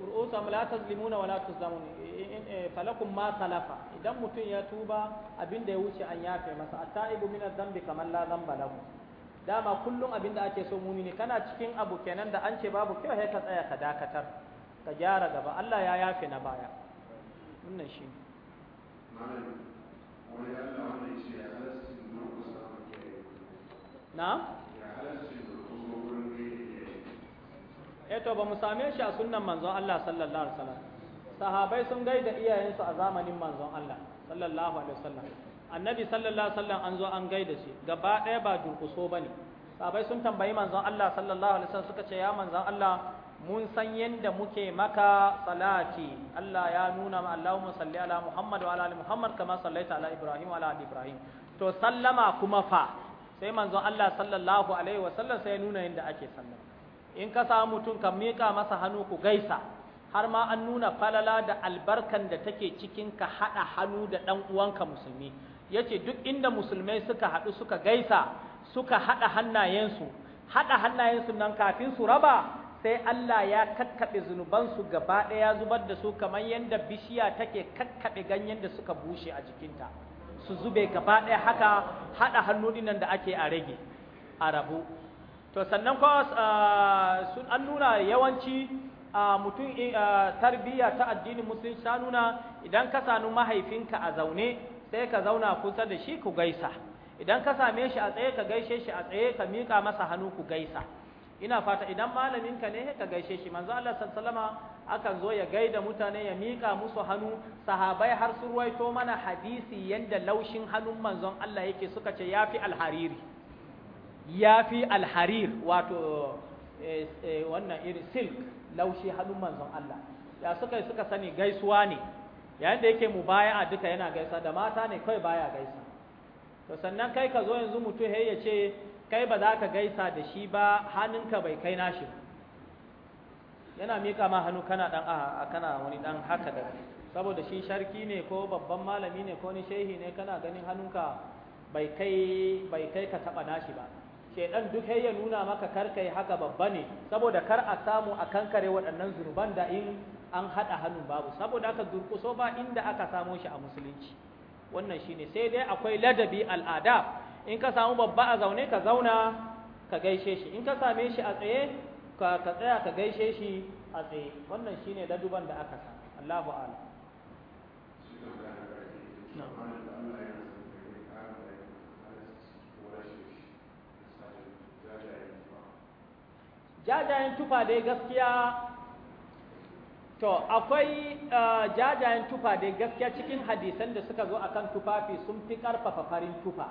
ru'usakum la tazlimuna wa la tuzlamun eh, falakum ma salafa idan mutum ya tuba abin da ya wuce an yafe masa a taibu mina adh-dhanbi kaman la dhanba lahu dama kullum abinda ake so mumini kana cikin abu kenan da an ce babu kyau ya ta tsaya ka dakatar ka gyara gaba Allah ya yafe na baya wannan shi na eh to ba mu same shi a sunnan manzon Allah sallallahu alaihi wasallam sahabai sun gaida iyayensu a zamanin manzon Allah sallallahu alaihi wasallam annabi sallallahu alaihi wasallam an zo an gaida shi gaba ɗaya ba durkuso bane sahabai sun tambayi manzon Allah sallallahu alaihi wasallam suka ce ya manzon Allah mun san yadda muke maka salati Allah ya nuna ma Allahumma salli ala Muhammad wa ala ali Muhammad kama sallaita ala Ibrahim wa ala ali Ibrahim to sallama kuma fa sai manzon Allah sallallahu alaihi wa sallam sai ya nuna yadda ake sallama in ka samu mutum ka miƙa masa hannu ku gaisa har ma an nuna falala da albarkan da take cikin ka haɗa hannu da ɗan uwanka musulmi yace duk inda musulmai suka haɗu suka gaisa suka haɗa hannayensu haɗa hannayensu nan kafin su raba sai Allah ya kakkaɓe zunubansu gaba ɗaya zubar da su kamar yadda bishiya take kakkaɓe ganyen da suka bushe a jikinta su zube gaba ɗaya haka haɗa hannu dinan da ake a rage a rabu to sannan ko ah, sun an nuna yawanci ah, mutum eh, ah, tarbiyya ta addinin musulunci ta nuna idan ka sanu mahaifinka a zaune sai ka zauna kusa da shi ku gaisa idan ka same shi a tsaye ka gaishe shi a tsaye ka miƙa masa hannu ku gaisa ina fata idan malaminka ne ka gaishe shi manzo Allah sallama akan zo ya gaida mutane ya miƙa musu hannu sahabai har su ruwaito mana hadisi yanda laushin hannun manzon Allah yake suka ce yafi alhariri ya fi alharir wato eh, eh, wannan irin silk laushi hannun manzon Allah ya suka suka sani gaisuwa ne yayin da yake mu baya a duka yana gaisa da mata ne kai baya gaisa to sannan kai ka zo yanzu mutum ya ce kai ba za ka gaisa da shi ba hannunka bai kai nashi yana mika ma hannu kana dan a kana wani dan haka da saboda shi sharki ne ko babban malami ne ko ni shehi ne kana ganin hannunka bai kai bai kai ka taba nashi ba dan duk ya nuna maka kar kai haka babba ne saboda kar a samu a kankare waɗannan zurban da in an haɗa hannun babu saboda aka durkuso ba inda aka samo shi a musulunci wannan shine sai dai akwai ladabi al'ada in ka samu babba a zaune ka zauna ka gaishe shi in ka same shi a tsaye ka tsaya ka gaishe shi a tsaye wannan shine laduban da aka samu Allahu a'lam jajayen tufa dai gaskiya to akwai uh, jajayen tufa dai gaskiya cikin hadisan da suka zo akan tufafi sun fi karfafa farin tufa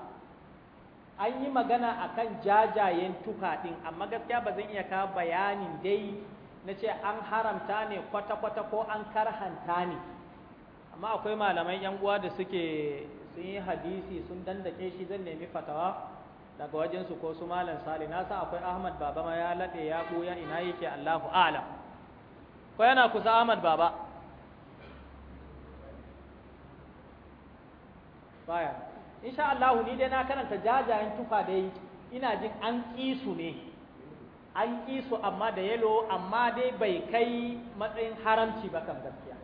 an yi magana akan jajayen tufa din amma gaskiya ba zan iya ka bayanin dai na ce an haramta ne kwata-kwata ko an karhanta ne amma akwai malaman yan uwa da suke sun yi hadisi sun dandake shi zan nemi fatawa daga wajensu ko su malam sali na sa akwai ahmad baba ma ya laɗe ya ɓuya ina yake allahu alam ko yana kusa ahmad baba baya insha allahu ni dai na karanta jajayen tufa dai ina jin an ƙi ne an ƙi amma da yalo amma dai bai kai matsayin haramci ba kan gaskiya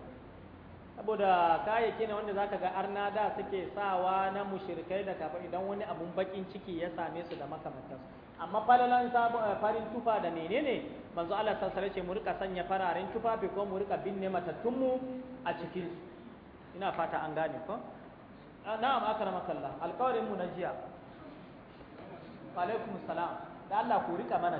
saboda kayayyaki ne wanda zaka ga arna da suke sawa na mushirikai da kafin idan wani abun bakin ciki ya same su da makamantansu amma falalan eh, farin tufa da menene manzo Allah alaihi wasallam mu rika sanya fararen tufafi ko mu rika binne matattunmu a cikin su ina fata an gane ko ah, na'am akramakallah alƙawarin mu na jiya alaikum salam da Allah ku rika mana